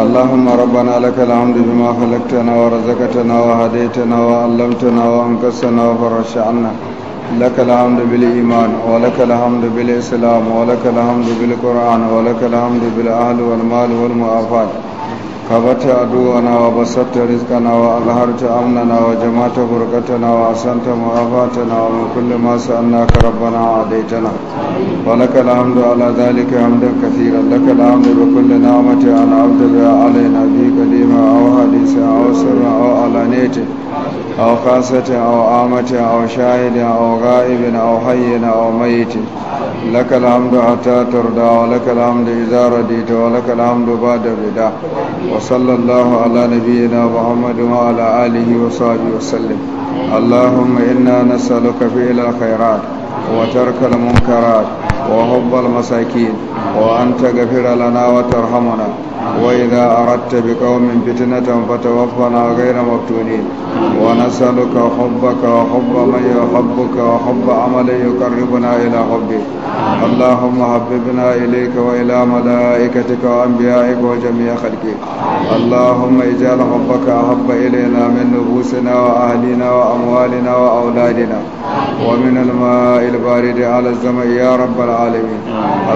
اللهم ربنا لك الحمد بما خلقتنا ورزقتنا وهديتنا وعلمتنا وانقذتنا وفرجت عنا لك الحمد بالإيمان ولك الحمد بالإسلام ولك الحمد بالقرآن ولك الحمد بالأهل والمال والمعافات kabata a duwana wa basarta rizkana wa alharta amnana wa jama'ata burkatana wa asanta mu'afatana wa min kulli ma sa'anna ka rabbana wa adaitana wa laka alhamdu ala dhalika hamdan kathiran laka alhamdu bi kulli ni'mati an'amta biha alaina bi kadima aw hadisa aw sirra aw alaniyati أو خاصة أو آمة أو شاهد أو غائب أو حي أو ميت لك الحمد حتى ترضى ولك الحمد إذا رديت ولك الحمد بعد الرضا وصلى الله على نبينا محمد وعلى آله وصحبه وسلم اللهم إنا نسألك فعل الخيرات وترك المنكرات وحب المساكين وأن تغفر لنا وترحمنا وإذا أردت بقوم فتنة فتوفنا غير مفتونين ونسألك حبك وحب من يحبك وحب عمل يقربنا إلى حبك اللهم حببنا إليك وإلى ملائكتك وأنبيائك وجميع خلقك اللهم اجعل حبك أحب إلينا من نفوسنا وأهلنا وأموالنا وأولادنا ومن الماء البارد على الزمن يا رب العالمين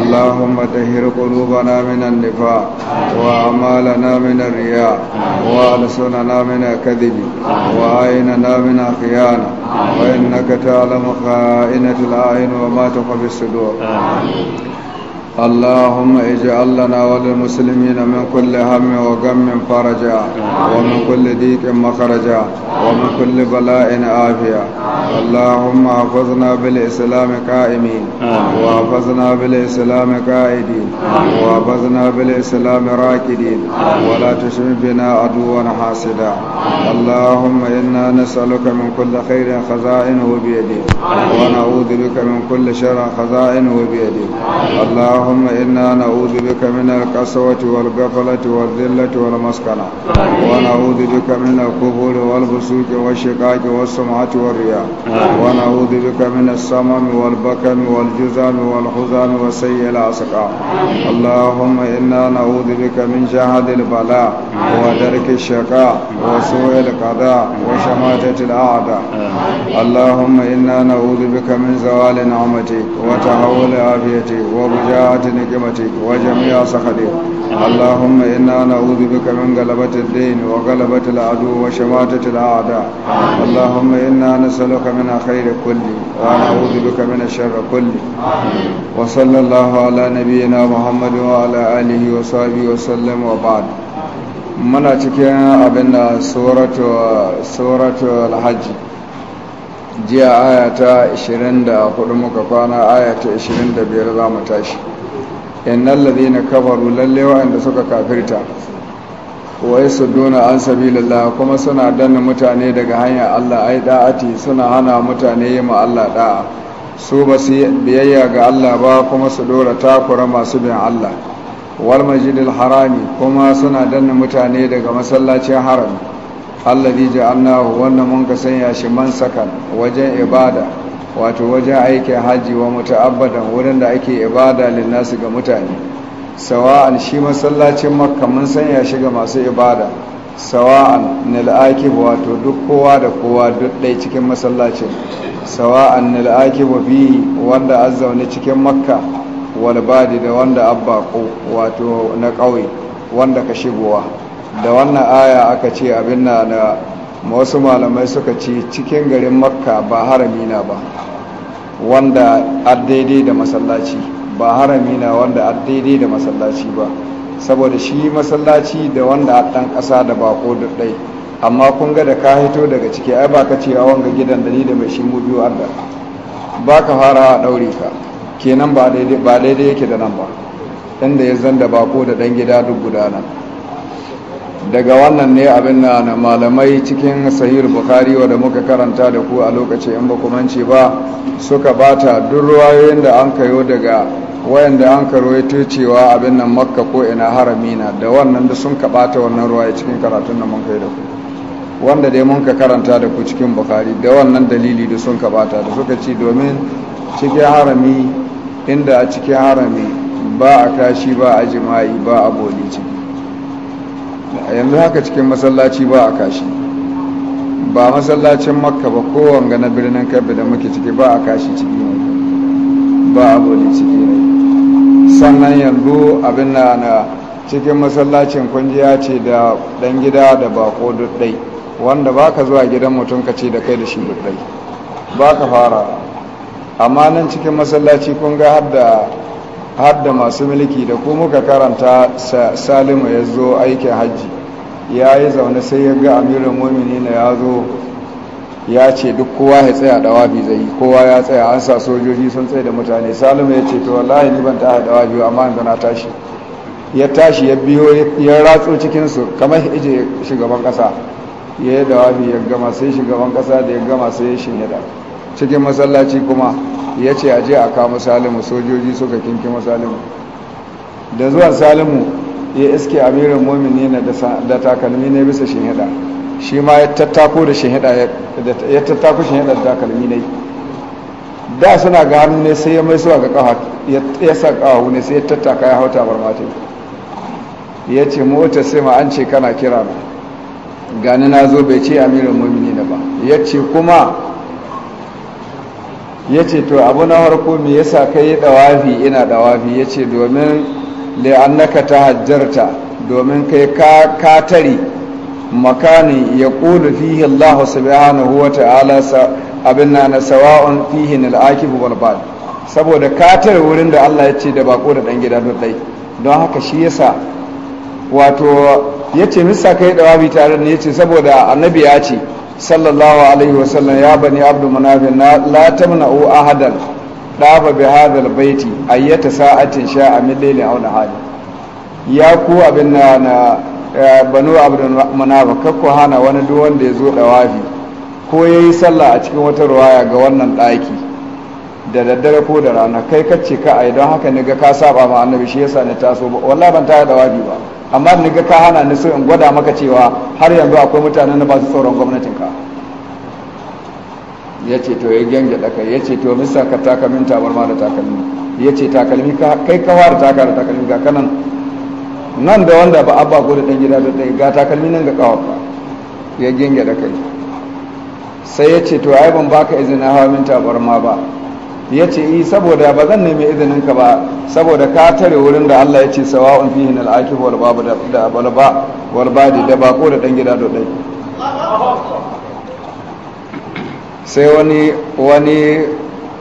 اللهم تهر قلوبنا من النفاق وأعمالنا من الرياء وألسننا من الكذب وأعيننا من الخيانة وإنك تعلم خائنة الأعين وما تخفي الصدور اللهم اجعل لنا وللمسلمين من كل هم وغم فرجا ومن كل ضيق مخرجا ومن كل بلاء عافية اللهم احفظنا بالإسلام قائمين واحفظنا بالإسلام قائدين واحفظنا بالإسلام راكدين ولا تشم بنا عدوا حاسدا اللهم إنا نسألك من كل خير خزائنه بيدك ونعوذ بك من كل شر خزائنه بيدك اللهم اللهم إنا نعوذ بك من القسوة والغفلة والذلة والمسكنة ونعوذ بك من الكفر والفسوق والشقاق والسمعة والرياء ونعوذ بك من السمم والبكم والجذام والحزام وسيء الأسقام اللهم إنا نعوذ بك من جهد البلاء ودرك الشقاء وسوء القضاء وشماتة الأعداء اللهم إنا نعوذ بك من زوال نعمتك وتحول عافيتك وبجاء وسعة نجمتك وجميع سخطك اللهم إنا نعوذ بك من غلبة الدين وغلبة العدو وشماتة الأعداء اللهم إنا نسألك من خير كله ونعوذ بك من الشر كله وصلى الله على نبينا محمد وعلى آله وصحبه وسلم وبعد muna cikin abin da suratu alhaji jiya ayata 24 muka kwana ayata 25 za mu tashi innal ladina kafaru lalle wa'anda suka kafirta su duna an sabilillah kuma suna danna mutane daga hanya Allah ai da'ati suna hana mutane yi Allah da'a su ba su biyayya ga Allah ba kuma su dora takura masu bin Allah wal majidil harami kuma suna danna mutane daga masallacin harami alladhi ja'alnahu wannan mun ka sanya shi man sakan wajen ibada wato wajen aikin hajji wa muta'abbadan wurin da ake ibada linnasu ga mutane sawa'an shi masallacin makka mun sanya shi ga masu ibada sawa'an nil'akib wato duk kowa da kowa duk ɗai cikin masallacin sawa'an nil'akib bi wanda an zaune cikin makka walbadi da wanda abba ko wato na ƙauye wanda ka shigowa da wannan aya aka ce abin na wasu malamai suka ce cikin garin makka ba harami na ba wanda daidai da masallaci ba harami wanda da masallaci ba saboda shi masallaci da wanda a ɗan ƙasa da bako da ɗai amma kun ga da ka hito daga ciki ai ba ka cewa wanga gidan da ni da mai shi mu biyu adda ba ka fara a ɗauri ka kenan ba daidai yake da nan ba inda ya zan da bako da ɗan gida duk gudana daga wannan ne abin na malamai cikin sahihul bukhari wanda muka karanta da ku a lokaci in ba manci ba suka bata duk ruwayoyin da an kayo daga wayanda an karoyato cewa abin nan makka ko ina harami na da wannan da sun ka bata wannan ruwaye cikin karatun da mun kai da ku wanda dai mun ka karanta da ku cikin bukhari da wannan dalili da sun ka bata da suka ci domin cikin harami inda a cikin harami ba a kashi ba a jima'i ba a boli ciki yanzu haka cikin masallaci ba a kashi ba masallacin makka ba kowanga na birnin kabi da muke ciki ba a kashi ciki ne ba a boli ciki ne sannan yanzu abin na na cikin masallacin kungiya ce da dan gida da bako duddai wanda ba ka zuwa gidan mutum ka ce da kai da shi duddai ba ka fara amma nan cikin masallaci kun ga har da har da masu mulki da kuma muka karanta salimu ya zo aikin hajji ya yi zaune sai ya ga amirin momini na ya zo ya ce duk kowa ya tsaya dawafi zai kowa ya tsaya an sa sojoji sun tsaye da mutane salimu ya ce to wallahi ni ban da dawafi amma yanzu na tashi ya tashi ya biyo ya ratso cikinsu kamar ije shugaban kasa ya yi dawafi ya gama sai shugaban kasa da ya gama sai ya shinyada cikin masallaci kuma ya ce a je a kama salimu sojoji suka kinki salimu da zuwa salimu ya iske amirin momini na da takalmi ne bisa shinhida shi ma ya tattako da ya tattako da takalmi ne da suna ga hannu ne sai ya mai suwa ga kawo ya sa kawo ne sai ya tattaka ya hauta barmata ya ce mota sai ma an ce kana kira ba gani na zo bai ce amirin momini na ba ya ce kuma ya ce to abu na harko me yasa ka yi dawafi? ina dawafi ya ce domin la'annaka ta hajjarta domin kai ka tare makani ya ƙulu fihi allahu subhanahu wa ta'ala abin na na sawa'un fihi al'akif bu balbal saboda ka tare wurin da Allah ya ce da bako da ɗan gida dudai don haka shi yasa wato ya ce misa kai dawafi tare ne ya ce saboda annabi ya ce sallallahu alaihi wasallam ya bani abdu munafin la tamna'u ahadan dafa bi hadal baiti ayyata sa'atin sha a millilin auna hali ya ku abin na na eh, banu abdu munafin kakko hana wani duk wanda ya zo dawafi ko ya yi sallah a cikin wata ruwaya ga wannan ɗaki da daddare ko da rana kai kacce ka a don haka ni ga ka saba ma annabi shi yasa ni taso ba wallahi ban ta da wafi ba amma da ga ka hana ni so in gwada maka cewa har yanzu akwai mutanen da ba su tsoron gwamnatinka ya ce to ya gyange da kai ya ce to misa ka takalmin tabarma da takalmi ya ce takalmi kai ka fara taka da takalmi ga kanan nan da wanda ba abba ko da dan gida da dai ga takalmi nan ga kawarka ya gyange da kai sai ya ce to ai ban baka izinin hawa min tabarma ba ya ce yi saboda ba zan nemi izinin ka ba saboda ka tare wurin da Allah ya ce sawa'un fihi na al'akif wal babu da balba wal da bako da dan gida do dai sai wani wani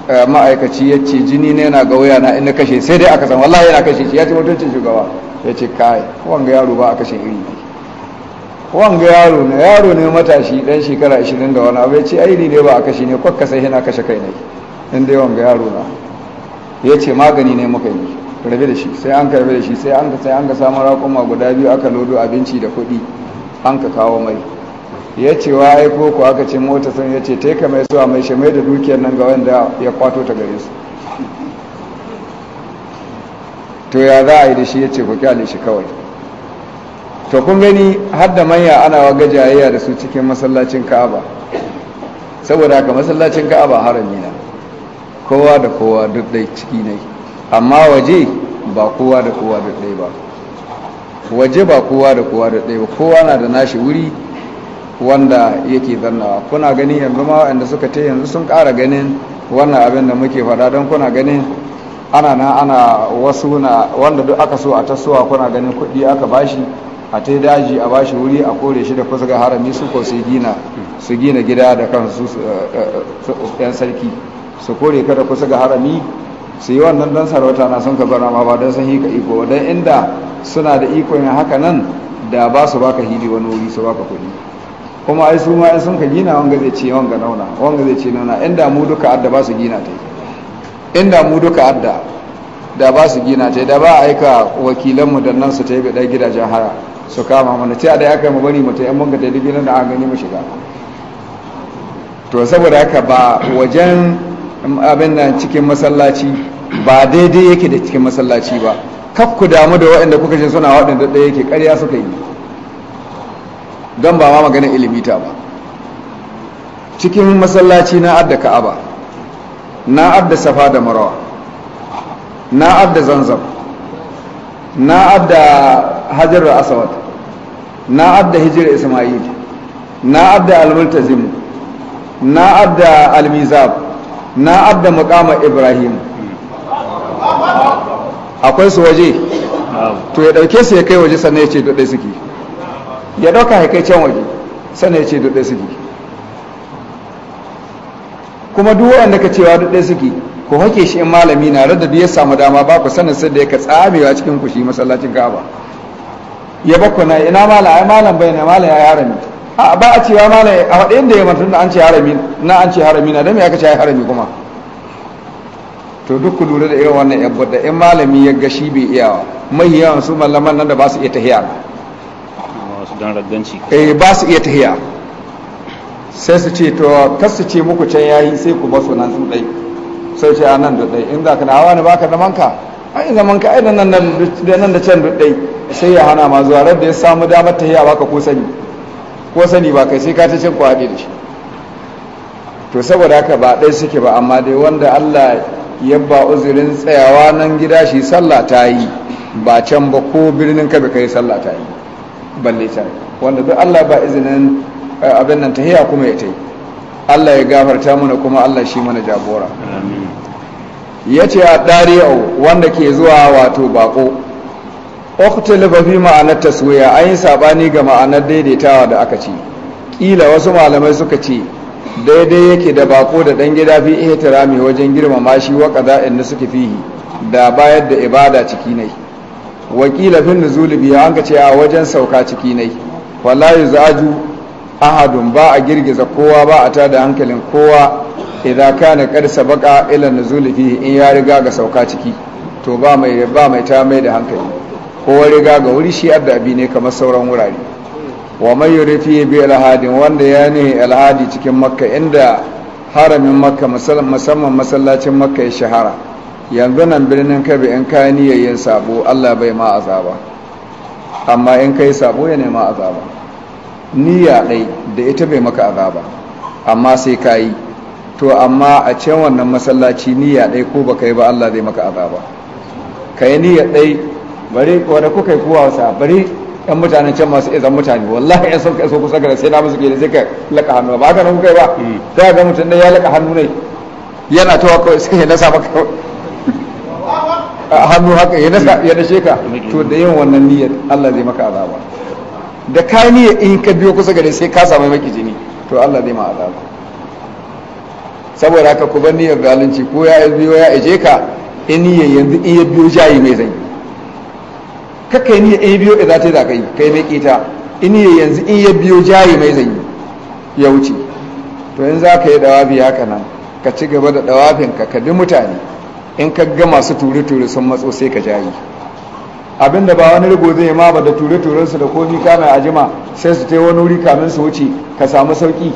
eh, ma'aikaci ya ce jini ne yana ga wuya na kashe sai dai aka san wallahi yana kashe shi ya ce mutuncin shugaba ya ce kai wanga yaro ba a kashe iri wanga yaro ne yaro ne matashi dan shekara 20 da wani abu ya ce ai ne ba a kashe ne kwakkasa yana kashe kai ne in dai wanga yaro na ya ce magani ne muka yi rabi da shi sai an ka da shi sai an ka sai an ka samu raƙuma guda biyu aka lodo abinci da kuɗi an ka kawo mai ya ce wa ai ko ko aka ce mota sun ya ce ta ka mai suwa mai shi mai da dukiyar nan ga wanda ya kwato ta gare su to ya za a yi da shi ya ce ku kyale shi kawai to kun gani har da manya ana wa gajayayya da su cikin masallacin ka'aba saboda haka masallacin ka'aba harami na kowa da kowa duk dai ciki ne amma waje ba kowa da kowa duk dai ba waje ba kowa da kowa duk dai ba kowa na da nashi wuri wanda yake zannawa kuna gani yanzu ma wanda suka ce yanzu sun ƙara ganin wannan abin da muke faɗa don kuna ganin ana na ana wasu na wanda duk aka so a tasowa kuna ganin kuɗi aka bashi a ta daji a bashi wuri a kore shi da kusa ga harami su ko su gina su gina gida da kansu eh, eh, eh, yan sarki su kore ka da kusa ga harami su yi wannan dan sarauta na sun ka barama ma ba don sun yi ka iko don inda suna da iko yin haka nan da ba su baka hidi wani wuri su baka kuɗi kuma ai su ma in sun ka gina wanga zai ce wanga nauna wanga zai ce nauna inda mu duka adda ba su gina ta inda mu duka adda da ba su gina ta da ba a aika wakilanmu da nan su ta yi ɗaya gidajen haya su kama mana ce a da ya kai mu bari mu ta yi mun ga da gidan da gani mu shiga to saboda haka ba wajen abin nan cikin masallaci ba daidai yake da cikin masallaci ba kaf ku damu da waɗanda kuka shi suna waɗanda ɗaya yake ƙarya suka yi don ba ma maganin ilimi ta ba cikin masallaci na adda ka'aba na adda safa da marawa na adda zanzam na adda hajar asawat na adda hijir ismail na adda almultazim na adda almizab na adda makama ibrahim akwai su waje to ya dauke su ya kai waje sannan ya ce dode suke ya dauka ya kai can waje sannan ya ce dode suke kuma duk wanda ka cewa dode suke ko hake shi in malami na rada da ya samu dama ba ku sanin sai da ya ka tsamewa cikin kushi masallacin Ka'aba ya bakwana na ina malam ai malam bai ne, malam ya yaran ne a ba a cewa ma a faɗi inda ya mantar da an ce harami na an ce harami na dami me aka ce harami kuma to duk ku lura da irin wannan yan da in malami ya ga shi bai iyawa mai yawan su malaman nan da ba su iya tahiya eh ba su iya tahiya sai su ce to kas su ce muku can yayi sai ku basu nan su dai sai ce a nan da dai in za ka na hawa ne baka da manka ai zaman ka ai da nan da can da dai sai ya hana ma zuwa da ya samu damar tahiya baka ko sani ko sani ba kai sai ka ta cin kwaɗe da shi to saboda haka ba ɗai suke ba amma dai wanda allah ya ba uzurin tsayawa nan gida shi sallah ta yi ba can ba ko birnin kabe kai sallah ta yi balle ta wanda duk allah ba izinin eh, abin nan tahiya kuma ya ta yi allah ya gafarta mana kuma allah shi mana jagora ya ce a ɗari'au wanda ke zuwa wato bako uktuluba fi ma'anar taswiya an yi sabani ga ma'anar daidaitawa da aka ce Ƙila wasu malamai suka ce daidai yake da bako da dan gida fi ihtirami wajen girmama shi wa qada'in da suke fihi da bayar da ibada ciki nai wakila fi nuzuli bi an ce a wajen sauka ciki nai wallahi zaju ahadun ba a girgiza kowa ba a tada hankalin kowa idan kana karsa sabaka ila nuzuli fihi in ya riga ga sauka ciki to ba mai ba mai ta mai da hankali ko riga ga wuri shi adda abi ne kamar sauran wurare wa man ya bi alhadin wanda ya ne alhadi cikin makka inda haramin makka musamman masallacin makka ya shahara yanzu nan birnin kabe in ka niyayyin sabo Allah bai ma azaba amma in kai sabo ya nema azaba niyya dai da ita bai maka azaba amma sai ka yi to amma a can wannan masallaci niyya ɗai ko ba yi ba Allah zai maka azaba ka yi niyya dai bari ko kuka yi kuwa wasa bari yan mutanen can masu izan mutane wallahi yan sauka so kusa gara sai na musu gele sai ka laka hannu ba haka nan kuka yi ba sai mm. ga mutum ne ya laka hannu ne yana tawa kawai sai ya nasa maka hannu haka ya nasa ya nashe ka to da yin wannan niyyar Allah zai maka azaba da ka niyyar in ka biyo kusa gare sai ka samu maki jini to Allah zai ma azaba saboda haka ku bar niyyar zalunci ko ya biyo ya ije ka in niyyar yanzu in ya biyo jayi mai zanyi ka kai niyya biyo da za ta yi za ka yi kai mai kita in yi yanzu in ya biyo jayi mai zan yi ya wuce to yin za ka yi dawafi haka nan ka ci gaba da dawafin ka bi mutane in ka ga masu ture-ture sun matso sai ka jayi abinda ba wani rigo zai ma ba da ture-turen su da komi kana jima sai su ta wani wuri kamin su wuce ka samu sauki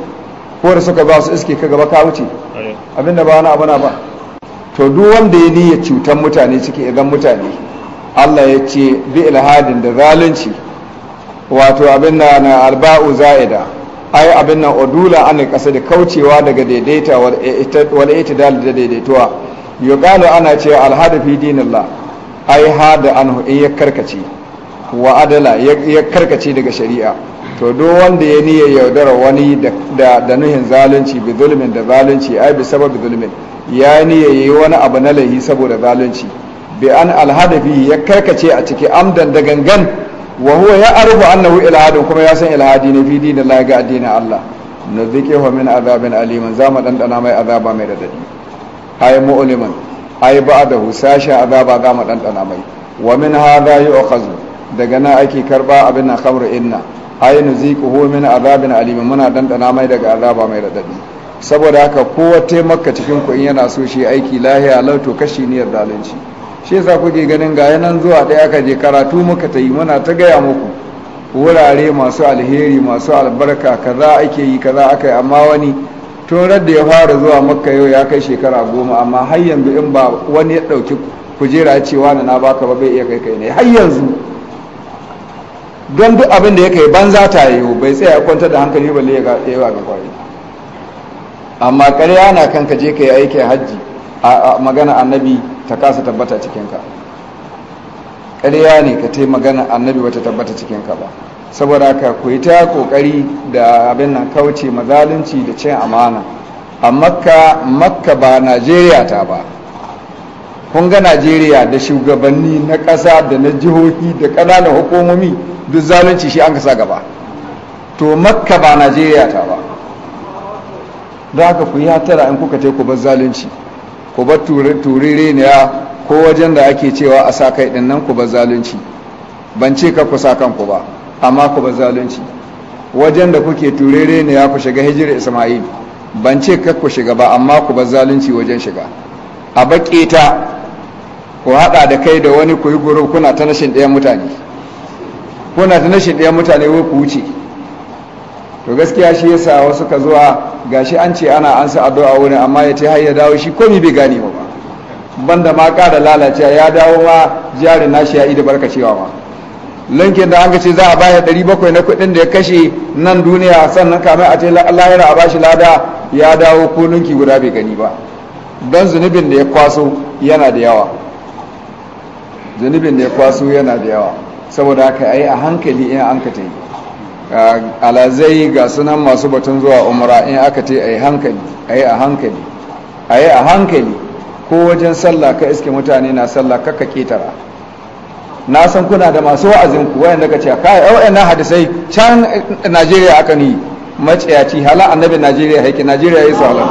ko da suka ba su iske ka gaba ka wuce abinda ba wani abu na ba to duk wanda ya niyya cutan mutane ciki idan mutane Allah ya ce bi ilhadin da zalunci wato abin na na alba'u za'ida ai abin nan odula ana kasa da kaucewa daga daidaita wal itidal da daidaituwa yuqalu ana ce alhadu fi dinillah ai hada an in ya karkace wa adala ya karkace daga shari'a to duk wanda ya niyya yaudara wani da da nuhin zalunci bi zulmin da zalunci ai bi sabab zulmin ya niyya yayi wani abu na laifi saboda zalunci bi an alhadafi ya karkace a ciki amdan da gangan wa huwa ya arbu annahu ilhadun kuma ya san ilhadi ne fi dinillahi ga addinin Allah wa min azabin aliman za mu dandana mai azaba mai radadi ay mu'liman ay ba'dahu sasha azaba za mu dandana mai wa min hadha yu'khazu daga nan ake karba abin na khamru inna ay nuziquhu min azabin aliman muna dandana mai daga azaba mai radadi saboda haka kowa taimaka cikin ku in yana so shi aiki lahiya lauto kashi niyyar zalunci shi yasa kuke ganin ga yanan zuwa ɗaya aka je karatu muka ta yi muna ta gaya muku wurare masu alheri masu albarka kaza ake yi kaza aka yi amma wani tun da ya fara zuwa makka yau ya kai shekara goma amma har yanzu in ba wani ya ɗauki kujera cewa na na baka ba bai iya kai kai ne har yanzu don duk abin da ya kai banza ta yi bai tsaya kwanta da hankali balle ya yawa ga kwari amma ƙarya na kan ka je ka yi aikin hajji a magana annabi ta kasa tabbata cikinka ƙarya ne ka ta magana annabi wata tabbata cikinka ba saboda ka ku ta ƙoƙari da abin nan kauce mazalunci da cin amana a makka makka ba najeriya ta ba kun najeriya da shugabanni na ƙasa da na jihohi da ƙananan hukumomi duk zalunci shi an kasa gaba to makka ba najeriya ta ba za ka ku ya tara in kuka teku bar zalunci ku bar turire ne ya, ko wajen da ake cewa a sa kai din nan ku bar zalunci ban ce ka ku sa kanku ba amma ku bar zalunci wajen da kuke turere ne ya ku shiga hijira isma'il ban ce ka ku shiga ba amma ku bar zalunci wajen shiga a baƙe ta ku haɗa da kai da wani ku yi goro kuna ta nashin ɗayan mutane kuna ta nashin mutane ku wuce to gaskiya shi yasa wasu ka zuwa gashi an ce ana an sa addu'a wurin amma ya ce har ya dawo shi komi bai gane ba banda ma ƙara lalacewa ya dawo ma jari nashi ya ida barkacewa ma lanke da an ce za a bayar 700 na kuɗin da ya kashe nan duniya sannan kamar a ce lahira a shi lada ya dawo ko ninki guda bai gani ba don zunubin da ya kwaso yana da yawa zunubin da ya kwaso yana da yawa saboda haka ai a hankali in an ka alazai ga sunan masu batun zuwa umra in aka ce a yi hankali a yi a hankali a yi a hankali ko wajen sallah ka iske mutane na sallah kaka ketara na san kuna da masu wa'azin ku wayan daga cewa kai ai na hadisai can Najeriya aka ni maciyaci hala annabi Najeriya haiki Najeriya yayi sallah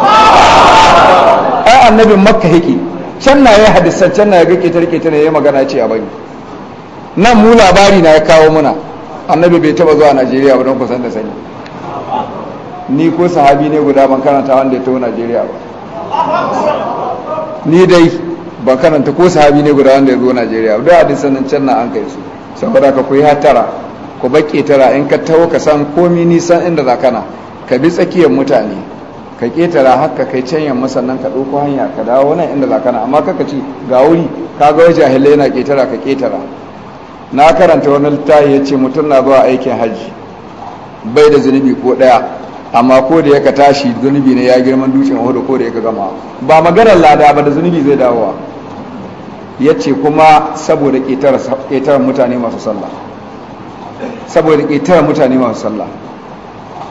ai annabi Makka yake can na yayi hadisan can na ga ketar ketar yayi magana ce a bani nan mu labari na ya kawo muna annabi bai taba zuwa najeriya ba don kusan da sani ni ko sahabi ne guda ban karanta wanda ya taho najeriya ba ni dai ban karanta ko sahabi ne guda wanda ya zo najeriya ba duk hadisan nan can na an kai su saboda ka koyi tara ku baƙe tara in ka taho ka san komi nisan inda za kana ka bi tsakiyar mutane ka ƙetara haka kai can yamma sannan ka ɗauko hanya ka dawo nan inda za kana amma kaka ce ga wuri ka ga wajen jahilai yana ƙetara ka ƙetara na karanta wani littafi ya ce mutum na zuwa aikin hajji bai da zunubi ko daya amma ko da yaka tashi zunubi ne ya girma dutsen hudu ko da yaka gama ba maganar lada ba da zunubi zai dawowa ya ce kuma saboda ƙetaren mutane masu sallah saboda ƙetaren mutane masu sallah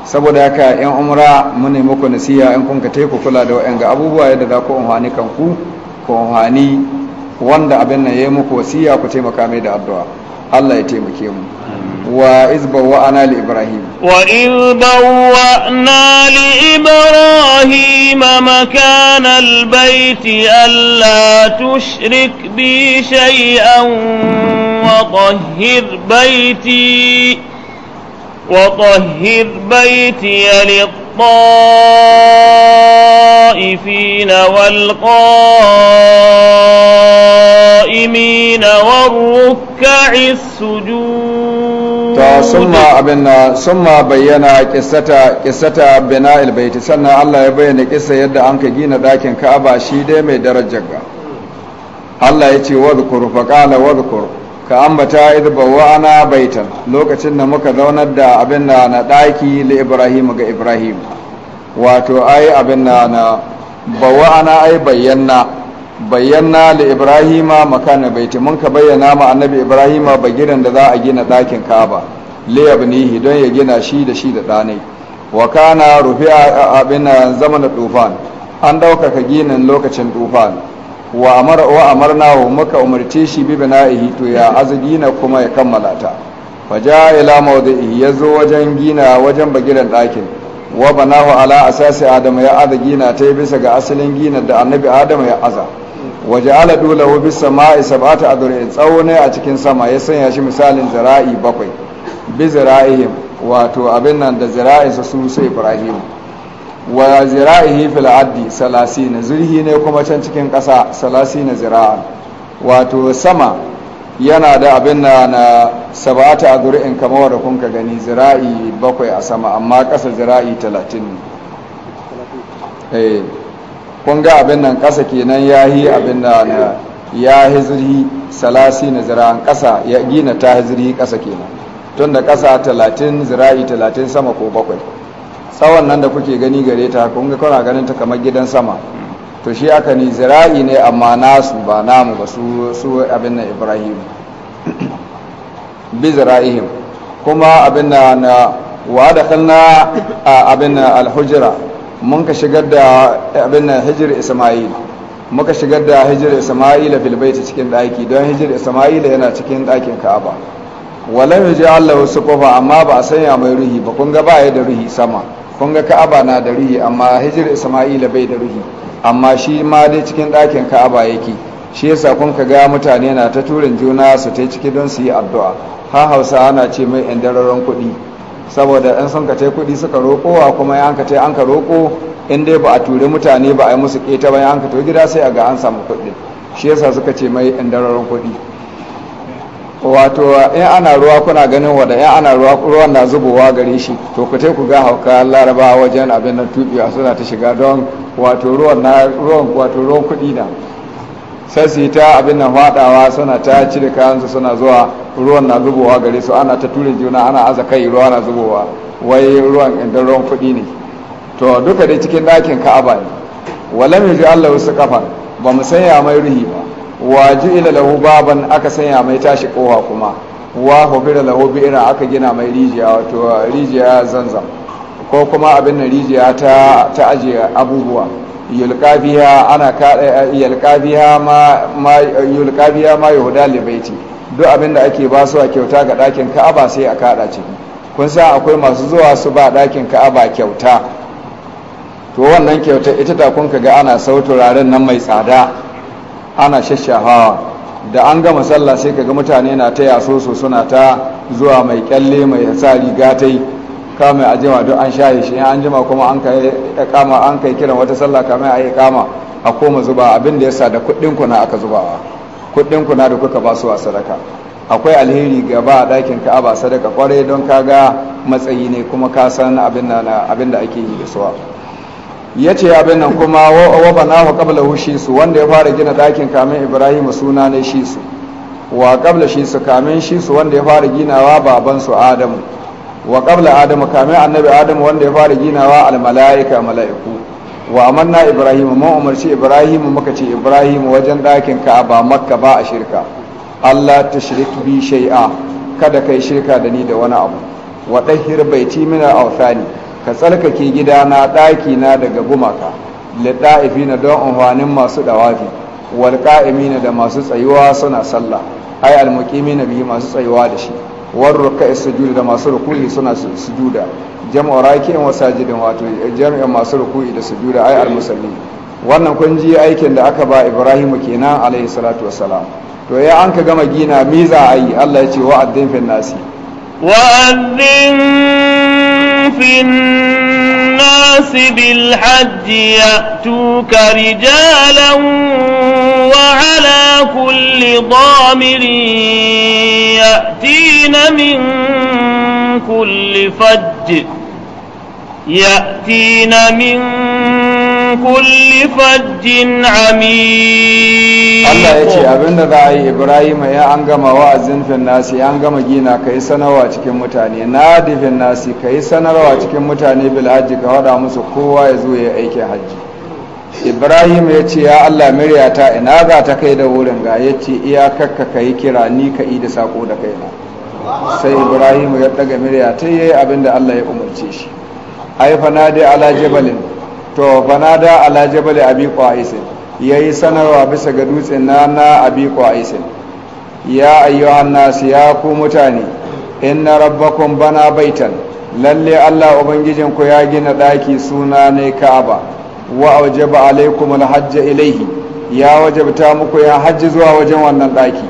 saboda yaka yan umra mun ne muku nasiya in kun ka ku kula da wa'anga abubuwa yadda za ku umhani kanku ku umhani wanda abin nan ya yi muku wasiya ku taimaka mai da addu'a Allah ya taimake mu wa izba wa ana li ibrahim wa izba wa ana li ibrahim makana albayti alla tushrik bi shay'an wa tahhir bayti وطهر بيتي للطائفين والقائمين القائمين والركع السجود ثم أبنا ثم بينا قصة قصة بناء البيت سنة الله يبين قصة يد أنك جينا داكن كعبة شيدة من Allah ya ce wadhkur fa qala wadhkur ka ambata idh bawa'ana baitan lokacin da muka zaunar da abin da na daki li Ibrahim ga Ibrahim wato ai abin da na bawa'ana ai bayyana bayyana da ibrahima makana baiti mun ka bayyana ma annabi ibrahima bagiran da za a gina ɗakin kaba liyabnihi don ya gina shi da shi da ɗanai wa kana rufi'a abin zaman tufan an ɗaukaka ginin lokacin tufan wa amara wa amarna wa muka umarce shi bi bina'ihi to ya azgina kuma ya kammala ta faja ila mawdi'i yazo wajen gina wajen bagiran dakin. wa banahu ala asasi adama ya aza gina ta bisa ga asalin gina da annabi adama ya aza waje ala dole hobi sama'i sabata adurin tsawo a cikin sama ya sanya shi misalin zira'i bakwai bi zira'ihim wato abin nan da zira'insa su su ibrahim wa zira'ihi fil addi salasina zurhi ne kuma can cikin ƙasa salasina zira'an wato sama yana da abin na na sabata a zuri'in kama wadda kun ka gani zira'i bakwai a sama amma ƙasa zira'i talatin ne eh. kun ga abin nan ƙasa kenan ya yi abin da eh, ya yi zirhi salasi na zira'an ƙasa ya gina ta yi zirhi ƙasa kenan tun da ƙasa talatin zira'i talatin sama ko bakwai tsawon nan da kuke gani gare ta kun ga kuna ganin ta kamar gidan sama to shi aka ni zira'i ne amma nasu ba namu ba su abin nan ibrahim bi zira'ihim kuma abin na eh, wa da kalna eh, abin alhujra mun ka shigar da eh, abin nan hijir isma'il muka shigar da hijir isma'il fil ta cikin daki don hijir isma'il yana cikin dakin ka'aba walam allahu lahu suqufa amma ba a sanya mai ruhi ba kun ga ba ya da ruhi sama kun ga ka'aba na da ruhi amma hijir isma'il bai da ruhi amma shi ma dai cikin dakin ka'aba yake shi yasa kun ka ga mutane na ta turin juna su ta ciki don su yi addu'a ha hausa ana ce mai indararon kuɗi saboda ɗan sun kace kuɗi suka roƙowa kuma ya hankace an ka roƙo in dai ba a turi mutane ba a yi musu ƙeta ba ya ka to gida sai a ga an samu kuɗi shi yasa suka ce mai indararin kuɗi wato in ana ruwa kuna ganin wada in ana ruwa ruwan na zubowa gare shi to ku ku ga hauka laraba wajen abin nan tubiya suna ta shiga don wato ruwan wato ruwan kuɗi na sai su yi ta abin nan fadawa suna ta cire kayansu suna zuwa ruwan na zubowa gare su ana ta ture juna ana aza kai ruwa na zubowa wai ruwan inda ruwan kuɗi ne to duka dai cikin dakin ka'aba ne walam yaji Allah wasu kafa ba mu sanya mai ruhi ba Wa ji ila lahu baban aka sanya mai tashi kowa kuma wa hubira lahu ira aka gina mai rijiya wato rijiya zanzam ko kuma abin nan rijiya ta ta ajiye abubuwa yulka biya ana eh, yulka ma ma yulka biya ma yahuda libaiti duk abin da ake ba su a kyauta ga ɗakin ka'aba sai a kaɗa ce. kun sa akwai masu zuwa su ba ɗakin ka'aba kyauta to wannan kyauta ita ta kun ga ana sau turaren nan mai tsada ana shashahawa da an gama sallah sai kaga mutane na ta yaso su suna ta zuwa mai kyalle mai sa rigatai kama a jima duk an shaye shi an jima kuma an kai kama an kai kiran wata sallah kama a yi kama a koma zuba abin da yasa da kuɗin ku na aka zubawa kuɗin ku na da kuka ba su a sadaka akwai alheri gaba a ɗakin ba sadaka kwarai don ka ga matsayi ne kuma ka san abin da ake yi da suwa ya ce abin nan kuma wa qabla hu shi su wanda ya fara gina ɗakin kamin ibrahim suna ne shi su wa qabla shi su kamin shi su wanda ya fara ginawa baban su adamu wa qabla adamu kame annabi adamu wanda ya fara ginawa al malaika malaiku wa amanna ibrahim mun umarci ibrahim muka ce ibrahim wajen dakin ba makka ba a shirka allah Ta tushrik bi shai'a. kada kai shirka da ni da wani abu wa dahhir baiti min al awthani ka tsarkake gidana daki na daga gumaka na don unhwanin masu dawafi wal qa'imina da masu tsayuwa suna sallah ai al muqimina bi masu tsayuwa da shi war ruka'i sujudi da masu rukuni suna sujuda jama'u raki'in wa sajidin wato jami'an masu rukuni da sujuda ai al musalli wannan kun ji aikin da aka ba Ibrahim kenan alayhi salatu wassalam to ya an ka gama gina miza ai Allah ya ce wa'addin fil nasi wa'addin في الناس بالحج يأتوك رجالا وعلى كل ضامر يأتين من كل فج يأتين من kulli fajjin amin Allah ya ce abinda za a yi ibrahim ya an gama wa'azin finnasi an gama gina ka yi sanarwa cikin mutane na di finnasi ka yi sanarwa cikin mutane bil ka wada musu kowa ya zo ya aiki hajji ibrahim ya ce ya allah miryata ina za ta kai da wurin ga ya ce kakka ka yi kira ni ka yi da sako da kai sai ibrahim ya ɗaga miryata yayi yi abin da allah ya umarce shi haifa na dai ala jabalin to fanada ala jabal abi qaisin yayi sanarwa bisa ga dutsen na na abi qaisin ya ayyuhan nas ya ku mutane in na rabbakun bana baitan lalle Allah ubangijin ku ya gina daki suna ne Ka'aba wa awjaba alaikum alhajj ilayhi ya wajabta muku ya hajji zuwa wajen wannan daki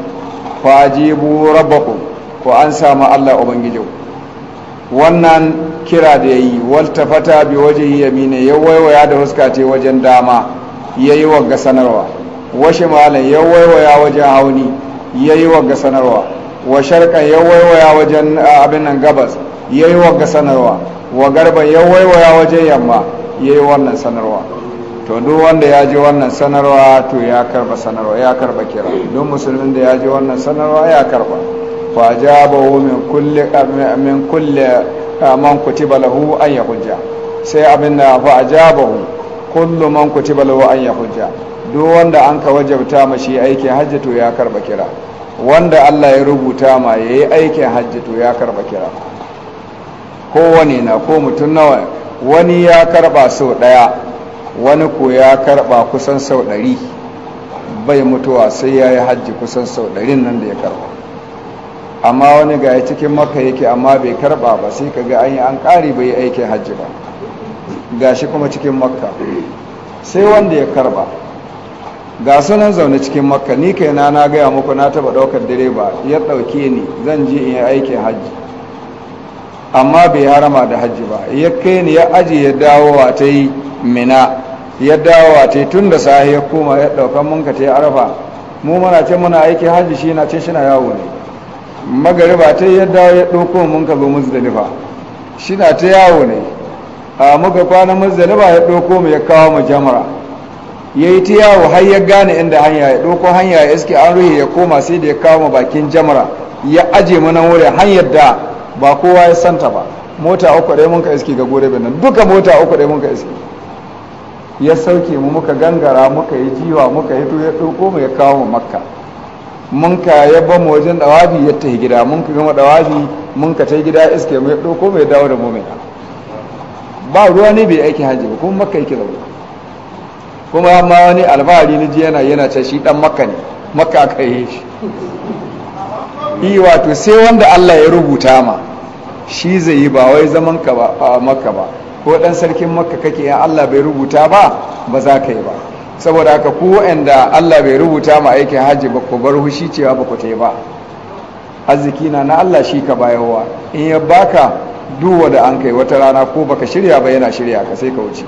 fajibu rabbakum ku an samu Allah ubangijinku wannan kira da ya yi fata bi waje yamine ya waiwaya da huska ce wajen dama ya yi wa sanarwa washe malam ya waiwaya wajen hauni ya yi wa sanarwa wa sharkan ya waiwaya wajen abin nan gabas ya yi wa sanarwa wa garban ya waiwaya wajen yamma ya yi wannan sanarwa to duk wanda ya ji wannan sanarwa to ya karba sanarwa ya karba kira duk musulmin da ya ji wannan sanarwa ya karba fajabahu min kulli min kulli man kutiba lahu an yahujja sai abinda fa ajabahu kullu man kutiba lahu an yahujja duk wanda an ka wajabta ma shi aikin hajji to ya karba kira wanda Allah ya rubuta ma yayi aikin hajji to ya karba kira wani na ko mutum nawa wani ya karba sau daya wani ko ya karba kusan sau ɗari bai mutuwa sai ya yi hajji kusan sau ɗarin nan da ya karba amma wani ga ya cikin maka yake amma bai karba ba sai ka an yi an ƙari bai aikin hajji ba ga shi kuma cikin makka sai wanda ya karba ga sunan zaune cikin makka ni kai na na gaya muku na taba ɗaukar direba ya ɗauke ni zan je in yi aikin hajji amma bai harama da hajji ba ya kai ni ya aji ya dawo wa ta yi mina ya dawo wa ta yi tun da sahi ya koma ya ɗaukar munkata ya ta arafa mu muna ce muna aikin hajji shi na ce shi na yawo ne magariba ta yi yadda ya ɗauko mun ka zo muzdalifa shi na ta yawo ne a muka kwana muzdalifa ya ɗauko mu ya kawo mu jamara ya yi ta yawo har ya gane inda hanya ya ɗauko hanya ya iske an ruhe ya koma sai da ya kawo mu bakin jamara ya aje mu nan wuri hanyar da ba kowa ya santa ba mota uku ɗaya mun ka iske ga gore nan duka mota uku ɗaya mun ka iske ya sauke mu muka gangara muka yi jiwa muka hito ya ɗauko mu ya kawo mu makka mun ka yabba mu wajen dawabi ya tafi gida mun ka gama dawabi mun ka yi gida iske mai ɗauko mai dawo da mumina ba ruwa ne bai aiki hajji ba kuma makka yake zaune kuma amma wani albari na ji yana yana ce shi dan makka ne makka aka yi shi yi wato sai wanda Allah ya rubuta ma shi zai yi ba wai zaman ka ba a makka ba ko dan sarkin makka kake ya Allah bai rubuta ba ba za ka yi ba saboda haka ku wa'anda Allah bai rubuta ma aikin hajji ba ku bar hushi cewa ba ku ta ba arziki na na Allah shi ka bayarwa in ya baka duwa da an kai wata rana ko baka shirya ba yana shirya ka sai ka wuce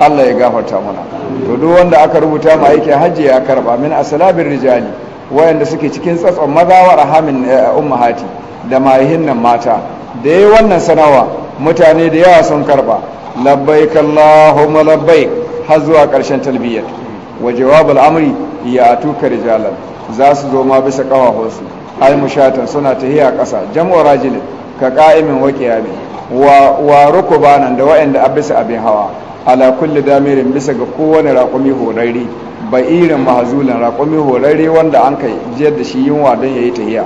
Allah ya gafarta mana to duk wanda aka rubuta ma aikin hajji ya karba min asalabin rijali wayanda suke cikin tsatson maza wa rahamin eh, ummahati da mahihin nan mata da yi wannan sanawa mutane da yawa sun karba labbaik Allahumma labbaik har zuwa ƙarshen talbiyyar wa jawabul amri ya atuka rijalan za su zo ma bisa ƙafafunsu ai mushatan suna ta tahiya ƙasa jam'u rajulin ka qa'imin wa qiyamin wa wa nan, da wa'anda abisa abin hawa ala kulli damirin bisa ga kowane raƙumi horarre ba'irin mahazulan raƙumi horarre wanda an kai jiyar da shi yunwa don yayi tahiya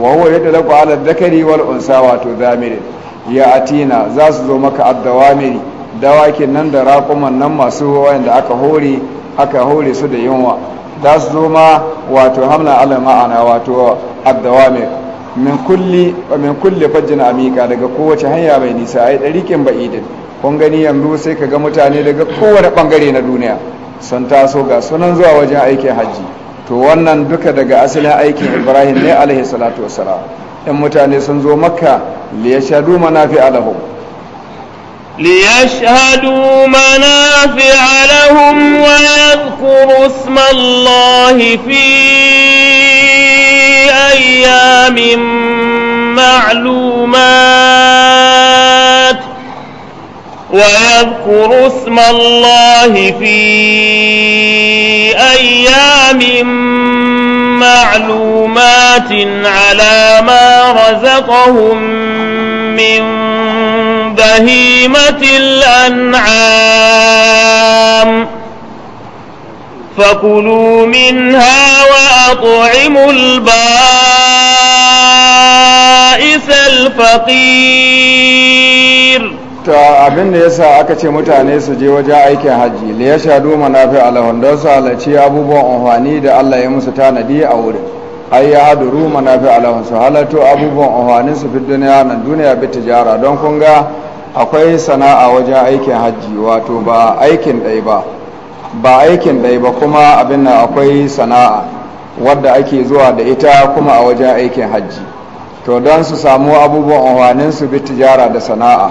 wa huwa yadlaku ala dakari wal unsa wato damirin ya atina za su zo maka ad dawakin nan da raƙuman nan masu wayanda aka hore aka hore su da yunwa za su zo ma wato hamla ala ma'ana wato addawame min kulli min kulli fajjin amika daga kowace hanya mai nisa ai dariƙin ba'idin kun gani yanzu sai ka ga mutane daga kowane bangare na duniya sun taso ga sunan zuwa wajen aikin hajji to wannan duka daga asalin aikin ibrahim ne alaihi salatu wassalam in mutane sun zo makka liyashadu manafi alahu. ليشهدوا منافع لهم ويذكروا اسم الله في أيام معلومات ويذكروا اسم الله في أيام معلومات على ما رزقهم من بهيمة الأنعام فكلوا منها وأطعموا البائس الفقير abin da yasa aka ce mutane su je waje aikin hajji da ya shaɗu manafi alahun don su halarci abubuwan amfani da Allah ya musu tanadi a wurin ai ya haduru manafi alahun su halarto abubuwan amfanin su fi duniya na duniya bi tijara don kun ga akwai sana'a wajen aikin hajji wato ba aikin ɗai ba ba aikin ɗai ba kuma abin nan akwai sana'a wadda ake zuwa da ita kuma a wajen aikin hajji to don su samu abubuwan amfanin su bi tijara da sana'a